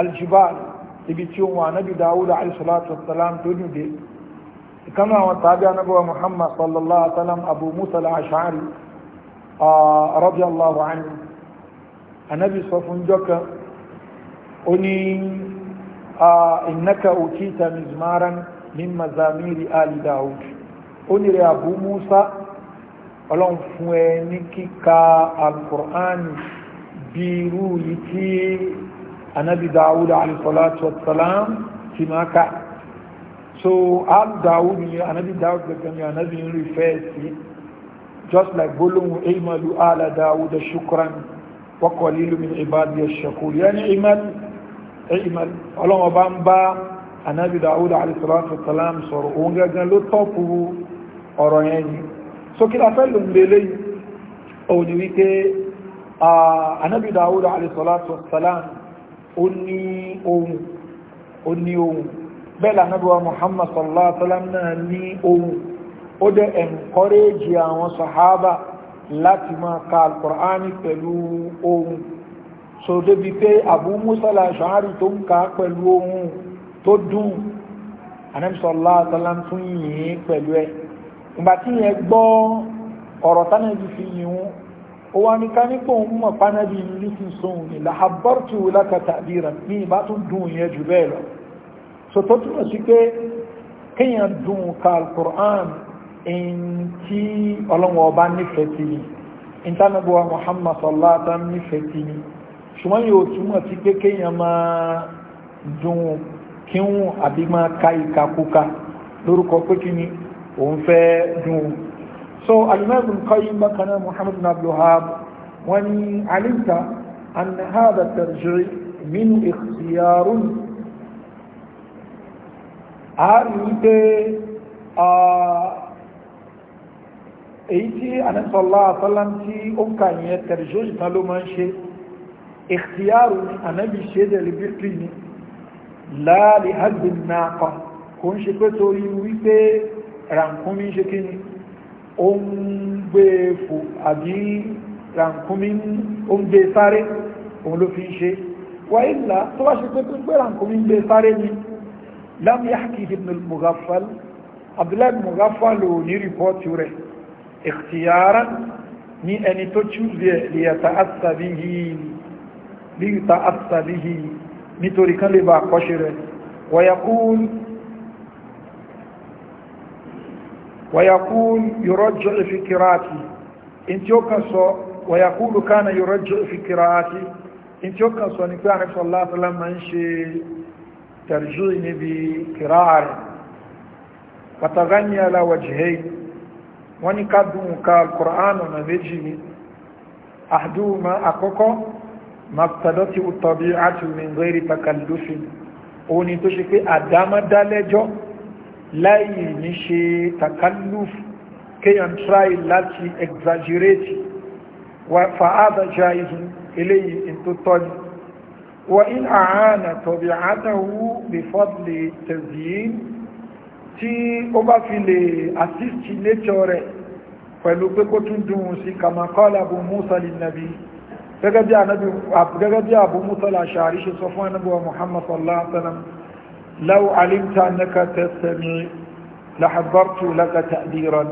aljibal ibi tí wọn ànábì dáwúdà alìsọ́látù salam tó dùde ìkánú àwọn tàbí anábọ̀wà muhammad sallallahu alaihi abu musa al-ashari radiyallahu anhu anábì sọ fún jọ́ka ó ní innaka utita mizmaran ní mazamiri ali daud ó ní abu musa ọlọ́run fún ẹ ní kíka alkur'an bí irú yìí tí anabi daud alayhisalatu wasalam ti máa ka so alu daud ni anabi daud gẹ́gẹ́ ni anabi ń rí fẹ́ sí just like gbólóhùn eymalu ala daud shukran wa qalilu min ibadiyash shakur yani imal imal ọlọ́run ọba ń bá anábì dáúdà alìsàlátù salam sọ̀rọ̀ òun gẹ́gẹ́ ló tọ́pù ọ̀rọ̀ yẹn ni so kí lafẹ́ ló ń belé òun ni wípé anábì dáúdà alìsàlátù salam ó ní ohun ó ní ohun bẹ́ẹ̀ lànàbíwá muhammad sallallahu alaihi wasallam náà ní ohun ó dẹ̀ encourage àwọn sahaba láti máa ka alkùránì pẹ̀lú ohun so débi pé abu musa la ṣàárì tó ń ka pẹ̀lú ohun tó dùn anamisọ́lá sọ́lá tún yìnyín pẹ̀lú ẹ̀ ìgbà tí yẹn gbọ́ ọ̀rọ̀ tánàbí fi yìnyín ó wá ní ká nípò ń mọ̀ pánábí ní fi sóhun ní làhábọ́rtù láka tàbíra ní ìbá tún dùn yẹn jù bẹ́ẹ̀ lọ so tó túnmọ̀ sí pé kéèyàn dùn ka alukur'an ẹ̀yìn tí ọlọ́wọ́ ọba nífẹ̀ẹ́ ti ni ìtànàbọ̀wà Muhammad sallallahu alaihi wasallam nífẹ̀ẹ́ ti ni ṣùgbọ́n yóò túnmọ̀ sí pé kéèyàn máa dùn kí ń àbí máa ka ìkakúka lórúkọ pé kí ni òun fẹ́ dùn so alimẹ́bùn kọ́yí bákanáà muhammadu abdullahab wọ́n ní alimta an hada tarjiri minu ikhtiyarun a rí wípé èyí tí anẹ́sọ̀lá àtọ́lá tí ó ń kà yẹn tarjiri tán ló máa ń ṣe ikhtiyarun anẹ́bí ṣe deliberately ni láàrí hajjin náà kan kò ń ṣe pé torí wípé ràǹkúnmí ṣe kí ni ó ń gbé fò àbí ràǹkúnmí ó ń gbé sáré òun ló fi ń ṣe wáyìlá tó wá ṣe pé tó ń gbé ràǹkúnmí ń gbé sáré ní rìpọ́tù rẹ̀ nítorí kan lè bá àkọ́ṣe rẹ̀ wàyàkún yọrọ̀jọ́ ìfikiraati in tí ó kàn sọ wàyàkúrù kánà yọrọ̀jọ́ ìfikiraati in tí ó kàn sọ ní pé àrẹ sọlátàlá ma ń ṣe tàrjú níbi kìráàrẹ̀ pàtàkányà àkọ́kọ́ maqtadati at-tabi'atu min ghairi takallufin òun ni tó ṣe pé àdámọ́dálẹ́jọ́ láì ní ṣe takalluf kéèyàn try láti exaggerate fa'ada jaizun eléyìí in tó tọ́ni wa in àánà tabi'atahu bi fadli tazyin tí ó bá fi lè assist nature rẹ̀ pẹ̀lú pé tún dùn sí kama qala Abu Musa lin-nabi gẹ́gẹ́ bí ànábì gẹ́gẹ́ bí Abu Musa al-Ash'ari ṣe sọ fún ànábì wa Muhammad sallallahu alaihi wasallam law alimta annaka tastami la habartu laka ta'diran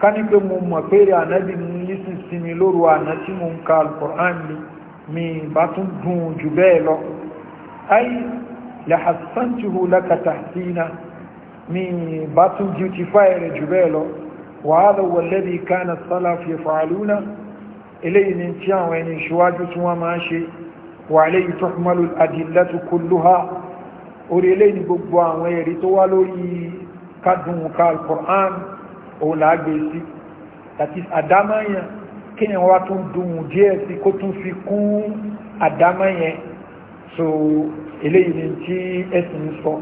kani pé mo mọ̀ pé rẹ̀ ànábì ní yíṣì sinmi lóru àná tí mo ń ka al ni mi bá tún dùn jù bẹ́ẹ̀ lọ ay la laka tahsina mi bá tún beautify rẹ̀ jù bẹ́ẹ̀ lọ wa hadha huwa alladhi kana eléyìí ni tí àwọn ẹni ìṣíwájú tí wọ́n máa ń ṣe wà léyìí tó kúmọ́lù adìlẹ́tù kó lóha orí eléyìí ni gbogbo àwọn ẹ̀rí tó wá lórí kádùn ká alkùrán àti àdámáyàn kíyàn wá tún dùn díẹ̀ sí kó tún fi kún àdámáyàn so eléyìí ni tí ẹ̀sìn ń sọ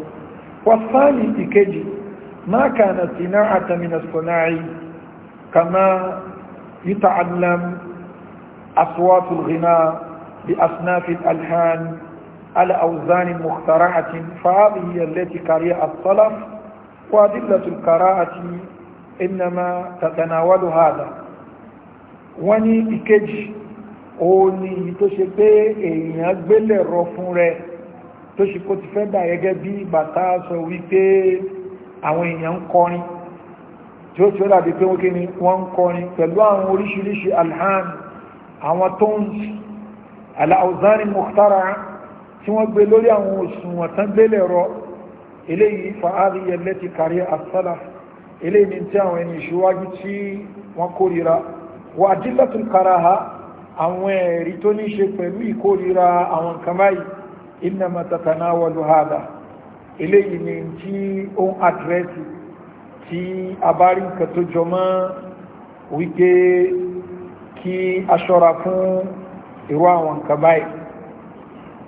wàsáàlì ìkejì máa kà nà sí kama yuta'allam أصوات الغناء بأصناف الألحان على أوزان مخترعة فهذه هي التي كرهها السلف وأدلة القراءة إنما تتناول هذا وني إكج أوني تشبه إن أقبل الرفون ره tó ṣe kó ti fẹ́ dà gẹ́gẹ́ bí bàtà sọ wípé àwọn èèyàn ń kọrin tí ó tí ó dàbí pé wọ́n kí ni wọ́n ń kọrin pẹ̀lú àwọn oríṣiríṣi alhan àwọn tó ń aláwùzánì mọ̀tara tí wọ́n gbé lórí àwọn òṣùwọ̀n tán gbélẹ̀ rọ eléyìí fa'áàrí yẹlẹ́ ti kàrí àsálà eléyìí ni tí àwọn ẹni ìṣíwájú tí wọ́n kórira wà dílọ́tún kara ha àwọn ẹ̀rí tó ní ṣe pẹ̀lú ìkórira àwọn nǹkan báyìí iná matakana wọlú hada eléyìí ni tí ó ń àdírẹ́sì tí a nǹkan tó jọmọ́ wípé ki ashọra ṣọ́ra fún irú àwọn nǹkan báyìí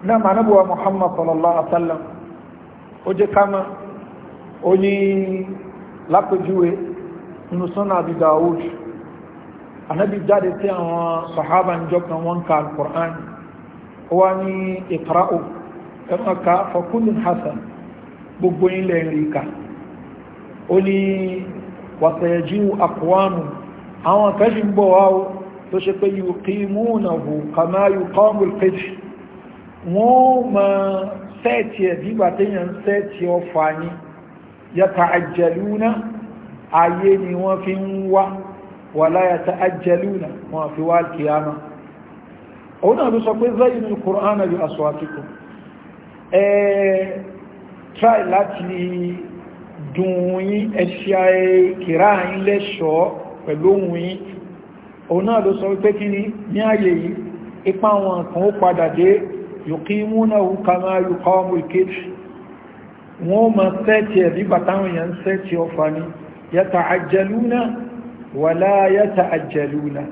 náà ma nábùwà muhammad sallallahu alaihi wasallam ó jẹ́ kama ó ní lápẹjúwe nínú sọ́nà àbí dawood anábì jáde tí àwọn sahaba ń jọ kan wọ́n ka al ó wá ní ẹ̀mọ́ ka fakulun hasan gbogbo ilẹ̀ ìrìkà ó ní wàtẹ̀yẹ̀jú àkọwánu àwọn kẹ́jì ń bọ̀ tó ṣe pé yuqimunahu kama yuqamul qidh wọ́n ma sẹ́ẹ̀tì ẹ̀ nígbà téèyàn sẹ́ẹ̀tì ọfà ni yata'ajjaluna ayé ni wọ́n fi ń wá wala yata'ajjaluna wọ́n fi wá kìíyàmá òun náà ló sọ pé zayyinul qur'ana bi aswatikum ẹ try láti dùn yín ẹ̀ṣẹ́ kìrá yín lẹ́ṣọ́ pẹ̀lú ohun yín òun náà ló sọ wípé kí ni ní ààyè yìí ipá wọn kan ó padà dé yùkímúnà kama yùkọ́mù ìkéjì wọ́n ma sẹ́ẹ̀tì ẹ̀bí bàtàwọn èèyàn sẹ́ẹ̀tì ọfà ni yàtà àjẹlúnà wà yàtà àjẹlúnà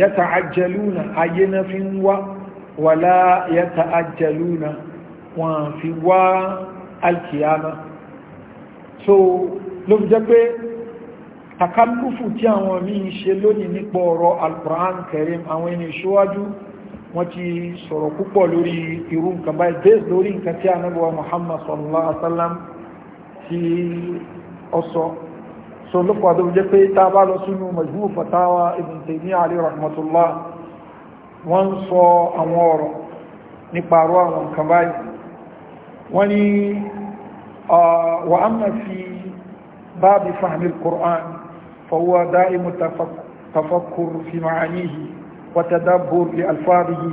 yàtà àjẹlúnà ayé na fi ń wá wà yàtà àjẹlúnà wọ́n fi wá alkiyama so ló fi jẹ́ pé takálùfù tí àwọn míì ń ṣe lónìí nípa ọ̀rọ̀ alquran karim àwọn ẹni ìṣíwájú wọ́n ti sọ̀rọ̀ púpọ̀ lórí irú nǹkan báyìí bẹ́ẹ̀ lórí nǹkan tí anábọ̀wá muhammad sallallahu alaihi wa sallam ti ọsọ so lọ́pọ̀ àdó jẹ́ pé tá bá lọ sínú majmu fatawa ibn taymiyyah alayhi rahmatullah wọ́n sọ àwọn ọ̀rọ̀ nípa àrọ àwọn nǹkan báyìí wọ́n wa amma fi babi fahmi al فهو دائم التفكر في معانيه وتدبر لألفاظه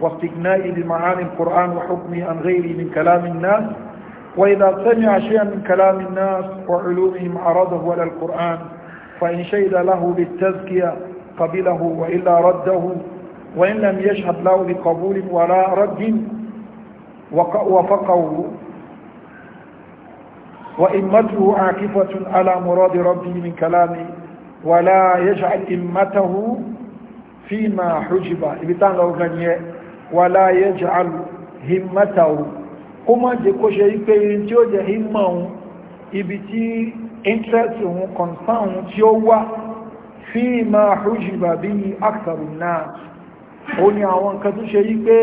واستقناء لمعاني القرآن وحكمه عن غيره من كلام الناس وإذا سمع شيئا من كلام الناس وعلومهم عرضه على القرآن فإن شهد له بالتزكية قبله وإلا رده وإن لم يشهد له بقبول ولا رد وفقه وإمته عاكفة على مراد ربه من كلامه ولا يجعل إمته فيما حجب إبتان لو غنية ولا يجعل همته كما جيكو شيكو ينتيو جهمه إبتي interest wọn concern wọn tí ó wá fi ma hujjiba bí aksaru náà ó ní àwọn nǹkan tó ṣe yí pé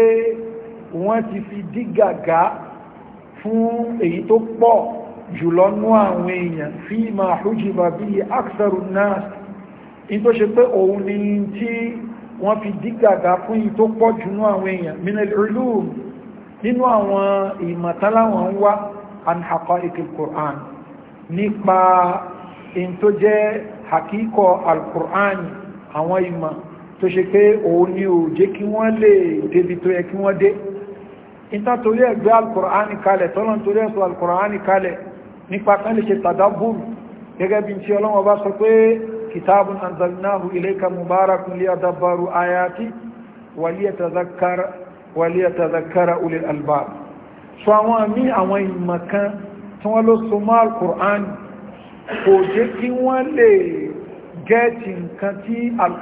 wọ́n ti fi dígàgá fún èyí tó pọ̀ jùlọ nú àwọn èèyàn fi ma hujjiba bí i aksaru náà in tó ṣe pé òun ni tí wọ́n fi dígàgá fún yí tó pọ̀ jù nú àwọn èèyàn minal ulum nínú àwọn ìmọ̀táláwọn ń wá an haqa'iq al-Qur'an nípa in tó jẹ́ hakíkọ al àwọn ìmọ̀ tó ṣe pé òun ni ò jẹ́ kí wọ́n lè débi tó yẹ kí wọ́n dé ìta ẹgbẹ́ al kalẹ̀ tọ́lọ́n torí ẹ̀sọ́ kalẹ̀ nípa kan lè ṣe tàdábùn gẹ́gẹ́ bí tí ọlọ́wọ́ bá sọ pé kìtàbùn anzalnahu ilayka mubarakun liyadabbaru ayati waliyatadhakkara ulil albab so àwọn àmì àwọn ìmọ̀ kan tí wọ́n ló so mọ́ al-Qur'an kò jẹ́ kí wọ́n lè gẹ́ẹ̀tì nǹkan tí al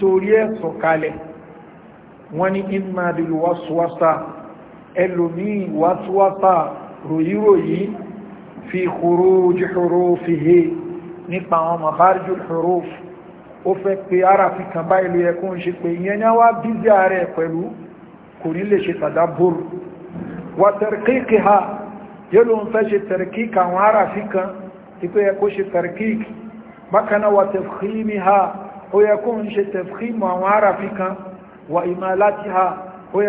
torí ẹ̀ sọ̀kalẹ̀ wọ́n ní ìmọ̀ àdìlú ẹlòmí wasuwasa ròyíròyí fi khuruj hurufihi nípa àwọn makharijul huruf ó fẹ́ pé ara fi kàn bá ilé ẹkùn ṣe pé ìyẹn ni wá bízí ààrẹ pẹ̀lú kò ní lè ṣe tàdábòrò wà tẹ̀rẹ̀kíkì ha yóò ló ń fẹ́ ṣe tẹ̀rẹ̀kíkì àwọn ará fi kan ipé ẹkó ṣe tẹ̀rẹ̀kíkì bákaná wà tẹ̀fìmí ha ha ó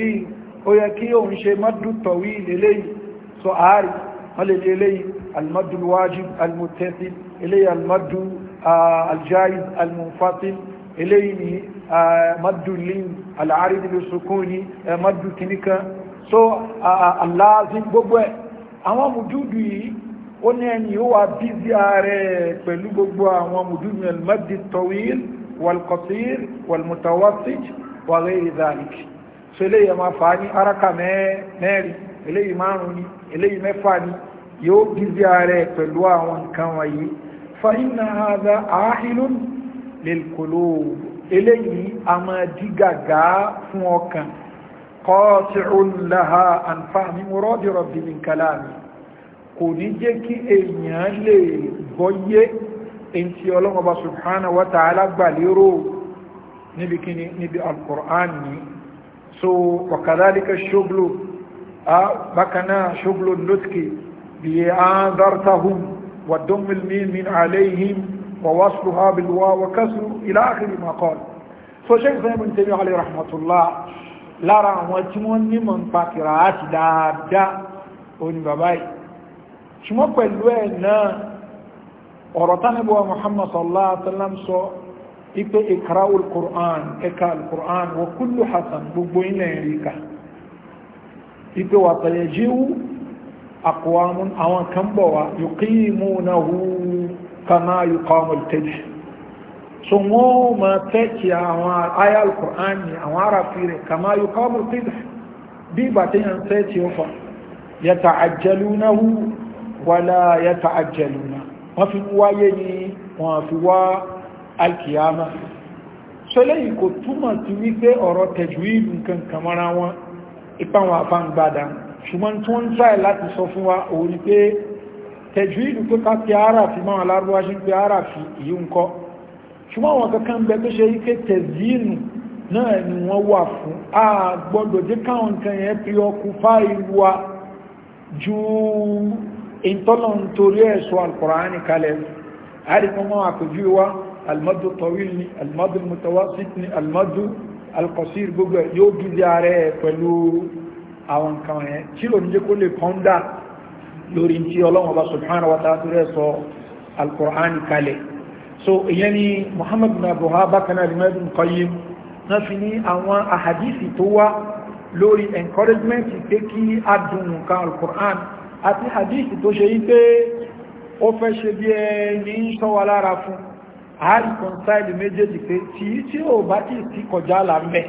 yẹ ó yẹ kí òun ṣe mọ́dù tọ̀wí eléyìí sọ ààrí wọ́n lè eléyìí almọ́dù wájib almutẹ́sí eléyìí almọ́dù aljaiz almunfatil eléyìí ni mọ́dù lin al'ari níbi sukun ni mọ́dù kìníkan so aláàzí gbogbo ẹ̀ àwọn mùdúdù yìí ó ní ẹni ó wà bízi ààrẹ pẹ̀lú gbogbo àwọn mùdúdù almọ́dù tọ̀wí والقصير والمتوسط وغير ذلك so eléyìí ẹ máa fà á ní áraka mẹ́rin eléyìí márùn ni eléyìí mẹ́fà ni yóò gízí ààrẹ pẹ̀lú àwọn nǹkan wáyé fa inna hadha ahilun lil qulub eléyìí a máa dí gàgá fún ọkàn qati'un laha an fahmi muradi rabbi min kalami kò ní jẹ́ kí èèyàn lè gbọ́yé èyí tí ọlọ́mọba subhanahu wa ta'ala gbà lérò níbi kíni níbi alqur'an ni so وكذلك الشغل بكنا شغل النسك بأنذرتهم والدم الميم من عليهم ووصلها بالواو وكسر إلى آخر ما قال so sheikh sahib bin tabi alayhi rahmatullah lára àwọn tí wọ́n ní mọ̀ ń pa kìràátì dáadáa òní bàbá yìí ṣùgbọ́n pẹ̀lú ẹ̀ náà ọ̀rọ̀ tánàbíwa muhammad sallallahu alaihi wasallam sọ ipe ikra'u al-qur'an ẹka al-qur'an wa kullu hasan gbogbo ilẹ̀ ìrìkà ipe wa tayajiwu aqwamun àwọn kan bọ̀ wa yuqimunahu kama yuqamu al-tẹjì so wọ́n ma tẹ́kì àwọn aya al-qur'an ni àwọn arafi rẹ̀ kama yuqamu al-tẹjì bí ìgbà tí yàn tẹ́kì fa yata'ajjalunahu wala yata'ajjaluna wọ́n fi wáyé ni wọ́n fi wá alkiyama ṣọlẹ́ yìí kò túmọ̀ sí wípé ọ̀rọ̀ tẹ̀júwìdì nǹkan kàmọ́ra wọn ipa wọn àfàǹgbàdà ṣùgbọ́n tí ń tráì láti sọ fún wa òun ni pé tẹ̀júwìdì pé ká fi ara fi máa alárúwá ṣe ń pe ara fi ìyí ń kọ́ ṣùgbọ́n àwọn kankan ni wọ́n wà fún a gbọ́dọ̀ jẹ́ káwọn nǹkan yẹn pé ọkù fáìwá ju ìtọ́lọ̀ nítorí ẹ̀sọ́ alkùnrin kalẹ̀ almadu tawil ni almadu mutawasit ni almadu alkọsir gbogbo yóò gidi ààrẹ pẹ̀lú àwọn nǹkan ẹ̀ tí ló ń jẹ́ kó lè pọ́ndà lórí tí ọlọ́wọ́ba subhanahu wa ta'ala rẹ̀ sọ alkùránì kalẹ̀ so ìyẹn ni muhammad bin abuha bákan náà limadu qayyim náà fi ní àwọn ahadisi tó wá lórí encouragement pé kí adùn nǹkan alkùránì àti hadisi tó ṣe yí pé ó fẹ́ ṣe bí ẹni ń sọ wa lára fún un àáríkọ̀nsáìlì méjèèjì pé tí tí ó bá tí sí kọjá àlà ń bẹ̀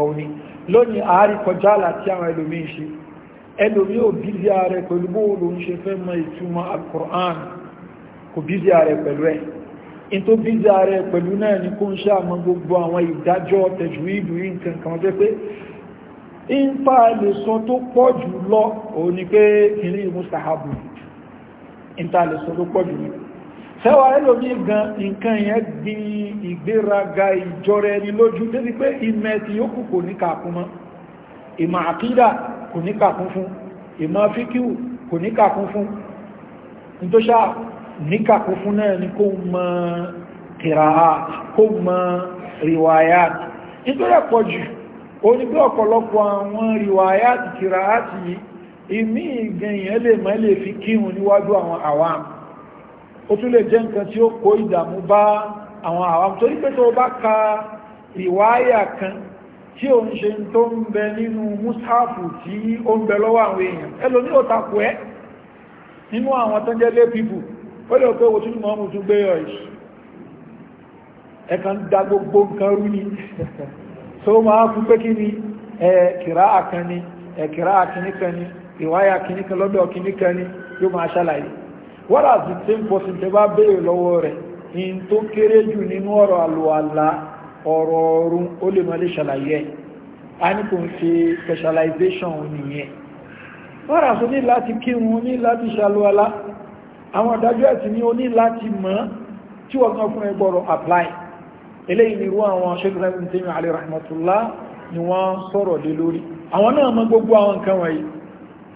ọ̀hún ni lónìí àáríkọjá àlà tí àwọn ẹlòmí ń ṣe ẹlòmí ò bízi ààrẹ pẹ̀lú bóòlù ń ṣe fẹ́ mọ ìtumọ̀ alukur'an kò bízi ààrẹ pẹ̀lú ẹ̀ in tó bízi ààrẹ pẹ̀lú náà ni kó ń ṣe àmọ́ gbogbo àwọn ìdájọ́ tẹ̀jú ìlú nǹkan kan jẹ́ pé ń pa lè sọ tó pọ̀ jù lọ òun ni pé kìnnìún mustahabu ń ta lè sọ tó pọ̀ jù lọ tẹ́wàá ẹlòmí gan nǹkan yẹn gbin ìgbéraga ìjọra ẹni lójú débi pé ìmẹ̀ tí ó kù kò ní kàkún mọ́ ìmọ̀ àkídà kò ní kàkún fún ìmọ̀ fíkíù kò ní kàkún fún nítòṣà ní kàkún fún náà ni kò mọ kìràá kò mọ rìwáyà nítorí ẹ̀pọ̀ jù ó ní pé ọ̀pọ̀lọpọ̀ àwọn rìwáyà kìràá ti ìmí ìgbẹ̀yìn ẹlẹ́mọ̀ fi kírun níwájú àwọn àwọn àmì ó tún lè jẹ́ nǹkan tí ó kó ìdààmú bá àwọn àwọn torí pé tó bá ka ìwáyà kan tí ó ń ṣe tó ń bẹ nínú mùsáàfù tí ó ń bẹ lọ́wọ́ àwọn èèyàn ẹlòmí ẹ́ nínú àwọn tó jẹ́ ó lè pé òtún mọ́ mú tún gbé ọ̀ ìṣù ẹ̀kan dá gbogbo nǹkan rú ni tó máa fún pé kí ni àkan ni ni ìwáyà àkíníkan lọ́dọ̀ àkíníkan wọ́n àti tí ń pọ̀ sí tẹ bá béèrè lọ́wọ́ rẹ̀ in tó kéré jù nínú ọ̀rọ̀ àlùwàlá ọ̀rọ̀ ọ̀run ó lè mọ́lé ṣàlàyé a ní kò ń ṣe specialization nìyẹn wọ́n rà sí ní láti kírun ní láti ṣàlùwàlá àwọn àdájọ́ ẹ̀sìn ní o ní láti mọ̀ tí wọ́n kan fún ẹ gbọ́rọ̀ apply eléyìí ni irú àwọn ṣẹ́gbẹ̀rẹ́ ní tẹ́yìn alẹ́ rahmatullah ni wọ́n sọ̀rọ̀ lé lórí àwọn náà mọ̀ gbogbo àwọn nǹkan wọ̀nyí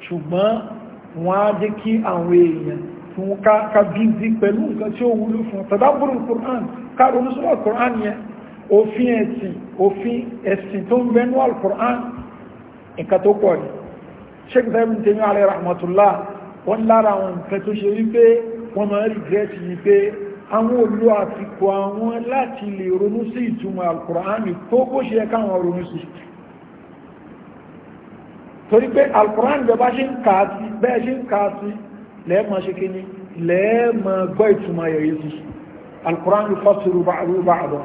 ṣùgbọ́n wọ́n á dé kí àwọn èèyàn fún ká bízi pẹ̀lú nǹkan tí ó wúlò fún tàdábùrù Qur'an káàrò ní sọ́lá Qur'an yẹn òfin ẹ̀sìn òfin ẹ̀sìn tó ń bẹnu al-Qur'an nǹkan tó pọ̀ ni Sheikh Zayim Temi alayhi torí pé al-Qur'an ṣe ń kà sí lẹ́ẹ̀mọ́ ṣe kí ní lẹ́ẹ̀mọ́ gbọ́ ìtumọ̀ yẹ̀yẹ́ sí alkùránì fásitì bá àbọ̀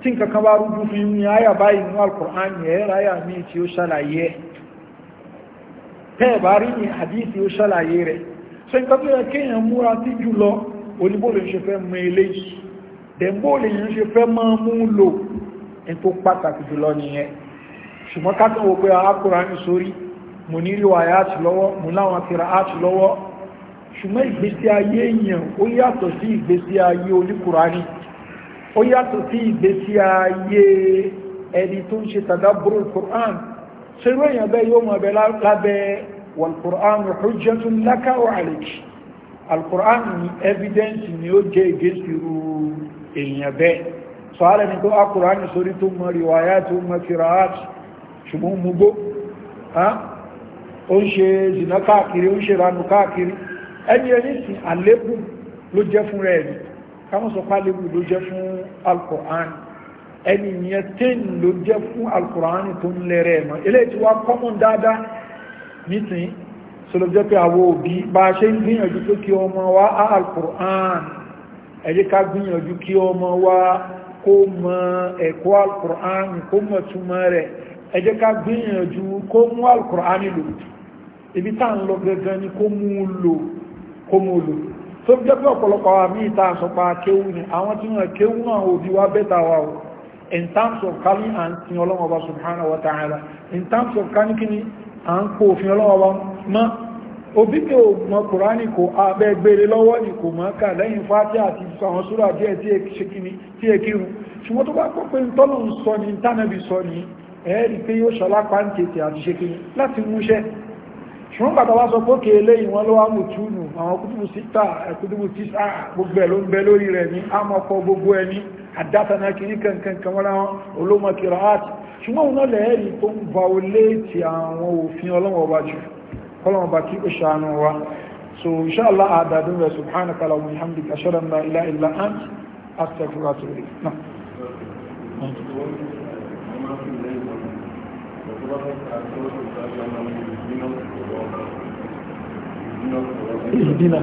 tí nǹkan kan bá rújú fún ní àyà báyìí ní alkùránì ẹ̀ ráyà mí tí ó ṣàlàyé ẹ̀ tẹ́ẹ̀ bá ṣùgbọ́n ká pé arákùnrin sórí mo ní rí àti lọ́wọ́ mo láwọn akẹ́rà àti lọ́wọ́ ṣùgbọ́n ìgbésí ayé èèyàn ó yàtọ̀ sí ìgbésí ayé oníkùránì ó yàtọ̀ sí ìgbésí ayé ẹni tó ń ṣe tàdábúrò kùrán ṣerú èèyàn bẹ́ẹ̀ yóò mọ̀ bẹ́ lábẹ́ wàlùkùrán hujjatun laka wa alayki alùkùrán ní evidence ni ó jẹ́ ìgbésí ru èèyàn bẹ́ẹ̀ sọ ara ni tó akùrán sórí tó ẹni ẹni sì àlébù ló jẹ́ fún rẹ̀ rí káwọn sọ pé àlébù ló jẹ́ fún alkùrán ẹni ìyẹn tẹ́ǹ ló jẹ́ fún alkùrán tó ń lẹ́rẹ̀ mọ́ eléyìí tí wàá kọ́mọ̀ dáadáa nítìí sọlọ jẹ́ pé àwọn òbí bá ṣe ń gbìyànjú pé kí ọmọ wa á alkùrán ẹ jẹ́ ká gbìyànjú kí ọmọ wa kó mọ ẹ̀kọ́ alkùrán kó mọ̀ túmọ̀ rẹ̀ ẹ jẹ́ ká gbìyànjú kó mú alkùrán lò ibi tá à ń lọ gangan ni kó mú un lò kó mú lò tó jẹ́ pé ọ̀pọ̀lọpọ̀ àmì ìta àsọpa kéwú ni àwọn tí wọ́n kéwú náà òbí wá bẹ́ta wa o in terms of kani à ń sin ọlọ́wọ́ bá subhanahu wa ta'ala in terms of kani kini à ń kó òfin ọlọ́wọ́ bá mọ́ òbí mi ò mọ kùránì kò abẹ́ gbére lọ́wọ́ ni kò mọ́ ká lẹ́yìn fáti àti àwọn súrà díẹ̀ tí è kírun ṣùgbọ́n tó bá kọ́ pé tọ́lọ̀ ń sọ ni tánàbì sọ ni ẹ̀ẹ́rì pé yóò ṣọlá pàǹtẹ̀tẹ̀ àti ṣe kiri láti múṣẹ́ ṣùgbọ́n bàbá wá sọ pé òkè eléyìí wọ́n ló wá mú túnù àwọn kútùbù síta kútùbù tísà gbogbo ẹ̀ ló ń bẹ lórí rẹ̀ ní àmọ́kọ gbogbo ẹni àdátana kìíní kankan kan wọ́n ráwọn olómọkìrọ̀ àti ṣùgbọ́n òun náà lẹ́ẹ̀rí tó ń ba ó léètì àwọn òfin ọlọ́wọ́ wa jù kọ́lọ́wọ́ bá kí ó ṣàánú subhanaka wa bihamdika ashhadu an la ilaha illa anta astaghfiruka wa atubu Thank you ìdínà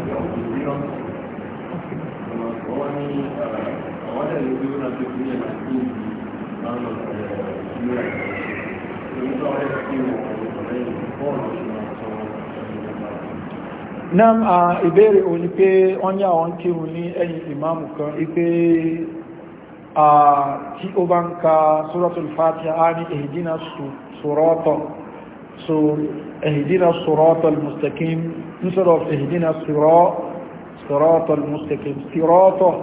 náà a ìbéèrè òní pé wọ́n ní àwọn kírun ní ẹ̀yìn ìmáàmù kan ipé tí ó bá ń ka suratul Fatiha ní ihdina sirata so اهدنا الصراط المستقيم نصرف اهدنا الصراط صراط المستقيم صراط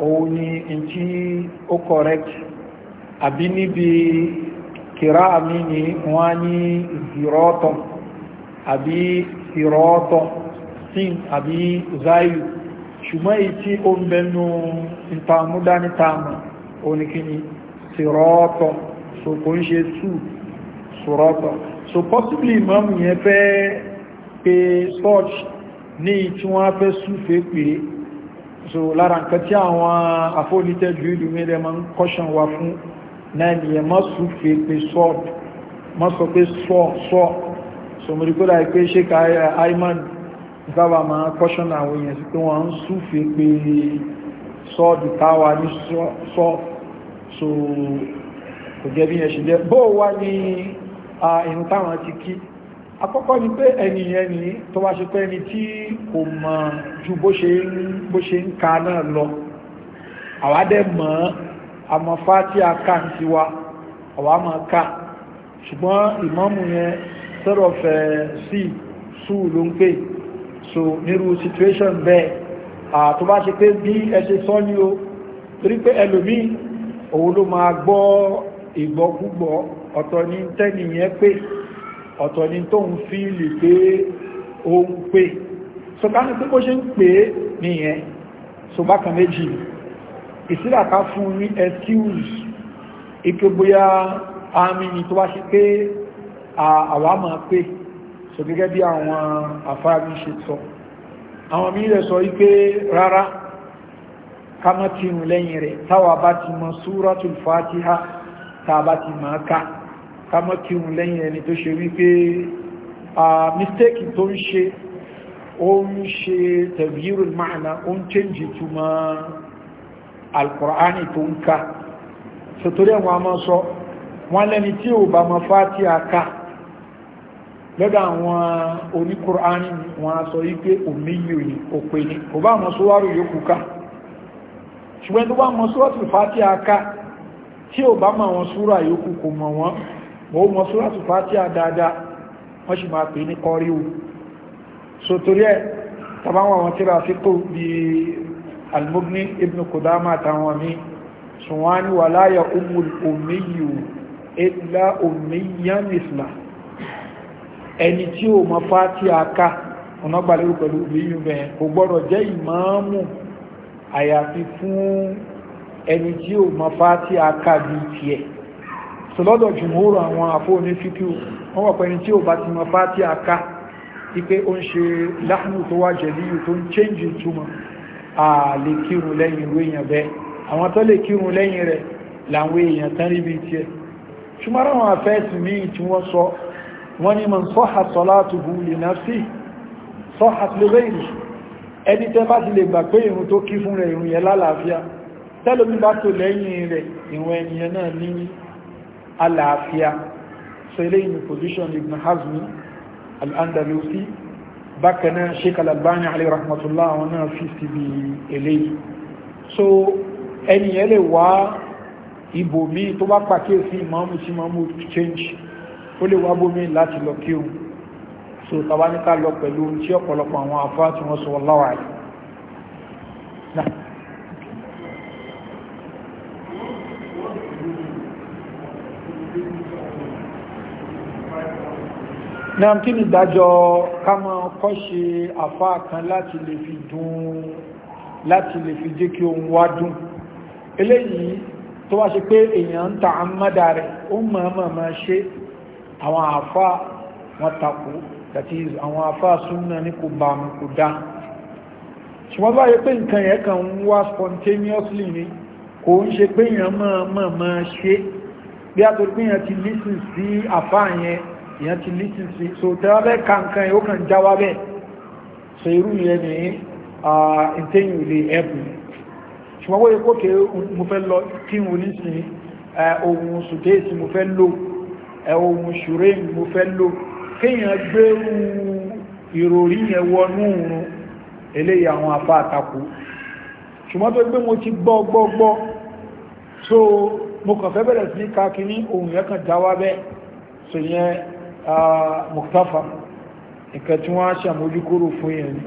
أوني انتي أكوريك أبيني بكراء مني واني صراط أبي صراط سين أبي زاي. شما ايتي أم بنو انتامو داني تاما أوني كني صراط سوكونشي سو صراط so possibly imam yẹn fẹ́ pé sport ní tí wọ́n fẹ́ súfẹ́ pé so lára nǹkan tí àwọn afọ́nitẹ́jú ìdúmẹ́rẹ́ ma ń kọ́ṣàn wa fún náà nìyẹn má súfẹ́ pé sport má sọ pé sọ sọ so mo rí kó dáa pé ṣé ká aiman sábà máa kọ́ṣàn àwọn èèyàn sí pé wọ́n ń pé sọ́ọ̀dù táwa ní sọ so kò jẹ́ bí yẹn ṣe jẹ́ bó wá ní ìrùn táwọn ti kí àkọ́kọ́ ni pé ẹni ẹni tó wá ṣe pé ẹni tí kò mọ̀ ju bó ṣe ń ka náà lọ àwádẹ́ mọ̀ àmọ́fá tí a ká ti wa àwá mọ̀ ká ṣùgbọ́n ìmámù yẹn sọ̀rọ̀ sí sùúrù ló ń pè so nírú situation bẹ́ẹ̀ àtò bá ṣe pé bí ẹ ṣe sọ ní o torí pé ẹlòmíì òun ló máa gbọ́ ìgbọ́kúgbọ́ ọ̀tọ̀ ní tẹ́nìyàn pé ọ̀tọ̀ ní tó ń fíìlì pé ó ń pè sọkánú pé kó ṣe ń pè é nìyẹn so bákan méjì ìsìlàká fún ní excuse ike bóyá àmìnì tó wá sí pé àwa máa pè so gẹ́gẹ́ bí àwọn àfáàmì ṣe sọ àwọn mílẹ̀ sọ wípé rárá ká mọ́ tìrùn lẹ́yìn rẹ̀ táwa bá ti mọ súratul fatiha tàbá ti máa ká ká má kírun lẹ́yìn ẹni tó ṣe wípé mistake tó ń ṣe ó ń ṣe tẹ̀bírù máàna ó ń change ìtumọ̀ alkùránì tó ń ká sọ̀tọ́rí àwọn a máa sọ wọ́n lẹ́ni tí ò bá máa fàtí àká lọ́dọ̀ àwọn oníkùránì wọ́n a sọ wípé òmíyò ní òpè ní kò bá mọ́ sówárò yókù ká ṣùgbọ́n tó bá mọ́ sówárò fàtí àká tí ò bá máa wọn súrà yókù kò mọ̀ wọ́n wọ́n mọ̀ súrátù fàtíà dáadáa wọ́n sì máa pè ní kọríwù so torí ẹ̀ tàbáwọn àwọn tíra síkò bí almugni ibn kudama àtàwọn mi ṣùnwọ́n ni wà láyà umul omiyu illa omiyan isla ẹni tí ó mọ̀ fàtíà ká ọ̀nà gbàlérò pẹ̀lú omiyu bẹ̀rẹ̀ kò gbọ́dọ̀ jẹ́ tiẹ̀ sọlọ́dọ̀ jùmúrù àwọn àfóòní fíkí wọ́n wọ́n pẹ̀lú tí ó bá ti mọ̀ bá tí a ká ipé ó ń ṣe láhùnù tó wá jẹ̀lú tó ń change túmọ̀ a lè kírun lẹ́yìn ìwé èèyàn bẹ́ẹ̀ àwọn tó lè kírun lẹ́yìn rẹ̀ làwọn èèyàn tán rí bí tiẹ̀ ṣùgbọ́n àwọn afẹ́ẹ̀sì nafsi sọ́hà li ghairi ẹni tẹ́ bá ti lè gbà pé ìrun tó kí fún rẹ̀ ìrun yẹn lálàáfíà tẹ́lómi bá tó lẹ́yìn rẹ̀ ìrun ẹniyẹn náà ní àlàáfíà so eléyìí ni position ibn hazmi al-andalusi bákan náà sheik al-albani alayhi rahmatullah àwọn náà fi sí bí eléyìí so ẹni yẹn lè wá ibò míì tó bá pàkíyèsí ìmáàmù tí ìmáàmù change ó lè wá bómi láti lọ kí òun so tàbá ní ká lọ pẹ̀lú tí ọ̀pọ̀lọpọ̀ àwọn afá tí wọ́n sọ wọ́n láwàá yìí náà kí ni ìdájọ́ ká máa kọ́ṣe àfá kan láti lè fi dùn láti lè fi jẹ́ kí ohun wá dùn eléyìí tó wá ṣe pé èèyàn ń ta àmọ́dá rẹ̀ ó mọ̀ọ́mọ̀ máa ṣe àwọn àfá wọn takò that is àwọn àfá súnmọ́ ní kò bá mu kò dá ṣùgbọ́n bá yẹ pé nǹkan yẹn kàn ń wá spontaneously ni kò ń ṣe pé èèyàn mọ̀ọ́mọ̀ máa ṣe bí a tó pé èèyàn ti lísìn sí àfá yẹn ìyẹn ti lítìn sí so tẹ́wà bẹ́ kankan yóò kàn jáwá bẹ́ so irú yẹn ní ìtẹ́yìn ilé ẹ̀bùn ṣùgbọ́n wọ́n yẹ kó kéré mo fẹ́ lọ kí n ní sí ohun sùdéètì mo fẹ́ lò ohun ṣùrẹ́ mo fẹ́ lò kéèyàn gbé ìròrí yẹn wọnú òun eléyìí àwọn afá àtakò ṣùgbọ́n tó gbé mo ti gbọ́ gbọ́ gbọ́ so mo kàn fẹ́ bẹ̀rẹ̀ sí káàkiri ohun yẹn kàn jáwá bẹ́ so yẹn muktafa nǹkan tí wọ́n á ṣàmójúkúrò fún yẹn ni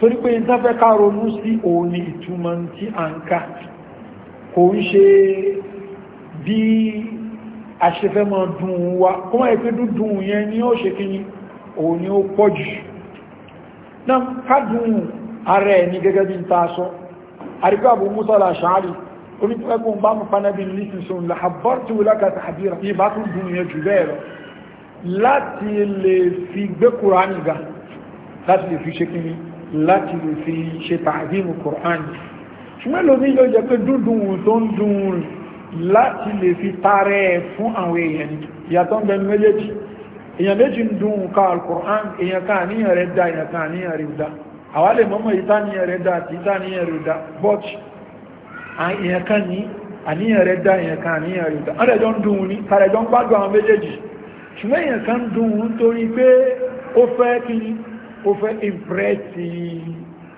torí pé n tẹ́fẹ́ ká ronú sí òun ni ìtumọ̀ tí a ń ká kò ń ṣe bí a ṣe dùn ún wa kó máa pé dúdùn yẹn ni ó ṣe kí ni òun ni ó pọ̀ jù náà ká dùn ara ẹ̀ ní gẹ́gẹ́ bí n ta sọ àríkà Abu Musa al onípẹ́kùn bá mú panábì nísinsìnyí làbọ́tù lákàtà àbíra ní ìbá yẹn jù bẹ́ẹ̀ lọ láti lè fi gbé kùránì ga láti lè fi ṣe kíní láti lè fi ṣe tààdínù kùránì ṣùgbọ́n lómi yóò jẹ́ pé dúndùn tó ń dùn láti lè fi tààrẹ fún àwọn èèyàn ìyàtọ̀ ń bẹnu méjèèjì èèyàn méjì ń dùn ká alkùránì èèyàn ká àníyàn rẹ̀ dá èèyàn ká àníyàn rẹ̀ dá àwa lè mọ́mọ́ ìtàníyàn rẹ̀ dá àti ìtàníyàn rẹ̀ dá but èèyàn kan ní àníyàn rẹ̀ dá èèyàn ká àníyàn rẹ̀ dá ọ̀rẹ́jọ́ ń dùn ní tààrẹjọ́ ń gbádùn àwọn méjèèjì ṣùgbọ́n èèyàn kan dùn ún torí pé ó fẹ́ kí ni ó fẹ́ ìbrẹ́tì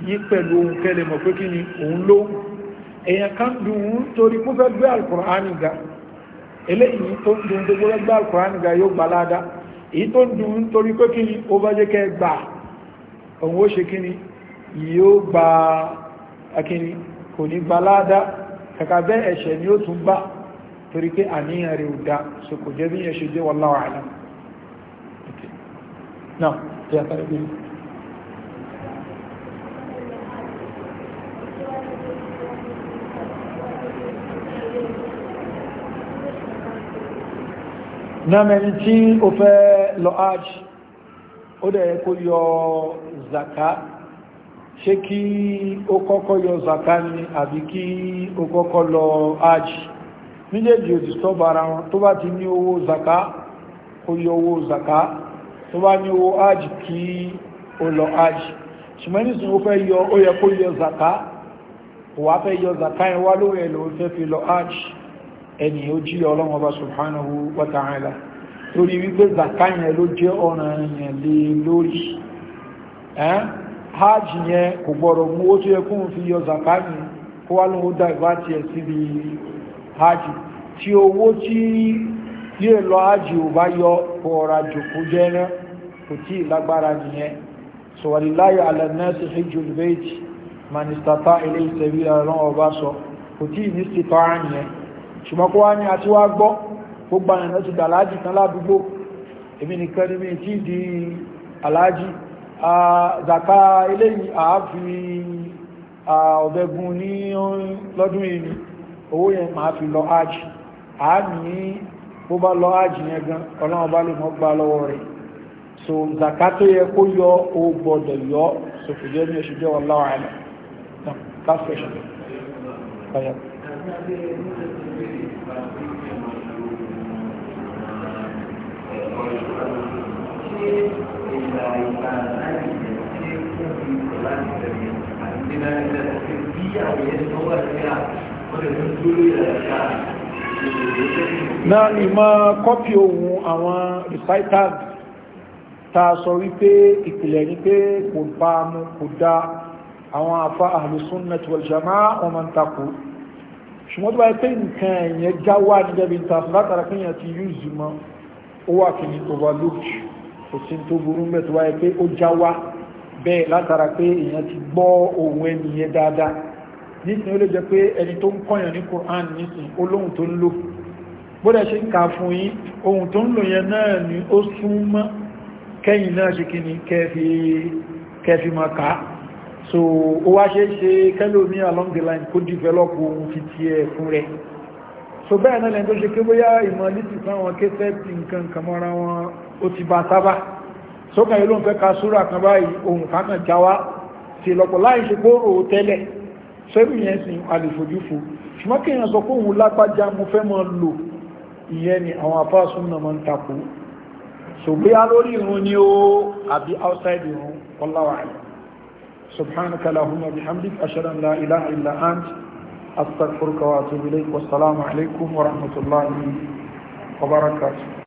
yí pẹ̀lú ohun kẹlẹ̀ mọ̀ pé kí ni òun ló èèyàn kan dùn ún torí kó fẹ́ gbé alkùránì ga eléyìí tó ń dùn tó gbọ́dọ̀ gbé alkùránì ga yóò gbà ládá èyí tó ń dùn torí pé kí ni ó bá jẹ́ kẹ́ gbà òun ó ṣe kí ni yóò gba akíní kò ní gbà ládá kàkà bẹ́ ẹ̀ṣẹ̀ ni ó tún gbà torí pé àníyàn rẹ̀ ò dá so kò jẹ́ bí yẹn ṣe jẹ́ wallahu a'lam náà tí a tàbí bí náàmẹ́ni tí ó fẹ́ lọ aj ó dẹ̀ kó yọ zaka ṣé kí ó kọ́kọ́ yọ zaka ni àbí kí ó kọ́kọ́ lọ aj méjèèjì ò disturb ara wọn tó bá ti ní owó zaka kó yọ owó zaka tó bá ní owó hajj kí ó lọ hajj ṣùgbọ́n nísìnyí ó fẹ́ yọ ó yẹ kó yọ zaka wàá fẹ́ yọ zaka yẹn wá lórí ẹ̀ fẹ́ fi lọ hajj ẹni ó jí ọlọ́run subhanahu wa ta'ala torí wípé zaka yẹn ló jẹ́ ọ̀ràn yẹn lé lórí hajj yẹn kò gbọ́dọ̀ mú ó tó yẹ kóun fi yọ zaka yẹn kó wá lóun dá ìbá tiẹ̀ síbi hajj tí owó tí yíè lọ hajj ò bá yọ kó ọ̀rà jòkó jẹ́ náà kò tí ì lágbára nìyẹn sọ̀wàlìláyà alẹ́nẹ́sì hijjul bait manistata ilé ìtẹ̀bí ọ̀rán ọba sọ kò tí ì ní sípa nìyẹn ṣùgbọ́n kó wá ní àti wá gbọ́ gbogbo àyànà ti dà láàájì kan ládùúgbò èmi nìkan ní tí ì di aláàjì zaka eléyìí àáfi ọ̀bẹ̀gun ní lọ́dún yìí owó yẹn máa fi lọ ájì a ní bó bá lọ ájì yẹn gan ọlọ́run bá lè mọ́ gbá lọ́wọ́ rẹ̀ so zaka tó yẹ kó yọ ó gbọ́dọ̀ yọ sòfòjẹ ní oṣù jẹ wọn láwọn àlẹ náà last náà ni máa kọ́pì ohun àwọn recitals ta sọ wípé ìpìlẹ̀ ní pé kò bá mú kò dá àwọn afá àlùsúnnà tí wọ́n jama ọmọ ń takò ṣùgbọ́n tó bá pé nǹkan ẹ̀yẹn já wà ní dẹ́bi ta látara pé yẹn ti yú zùmọ́ ó wà kì ní overlooked kò sí tó burú mẹ́ tó bá pé ó já wà bẹ́ẹ̀ látara pé èèyàn ti gbọ́ ohun ẹnìyẹn dáadáa nísìn ó lè jẹ́ pé ẹni tó ń kọ́yàn ní Quran nísìn olóhun tó ń lò bódẹ̀ ṣe ń kà fún yín ohun tó ń lò yẹn náà ni ó súnmọ́ kẹ́yìn náà ṣe kí ni kẹfì máa kà so ó wá ṣe é ṣe kẹ́lómi along the line kó develop ohun fi ti ẹ̀ fún rẹ̀ so bẹ́ẹ̀ náà lẹ́yìn tó ṣe kí bóyá ìmọ̀ lítì sáwọn kéfẹ́ ti nǹkan kan mọ́ra wọn ó ti bá sábà sókàn yìí ló ń fẹ́ ka súrà kan báyìí ohun kan kan jáwá sí lọ́pọ̀ láì ṣe kóró tẹ́lẹ̀ sẹ́rù yẹn sì a lè fojú fo ṣùgbọ́n kí èèyàn sọ pé òun lágbájá mo fẹ́ máa lò ìyẹn ni àwọn afáàsùn náà máa ń takò ṣògbéyà lórí ìrun ni ó àbí outside ìrun ọláwà rẹ̀ subhanaka wa atubu wa rahmatullahi wa barakatuh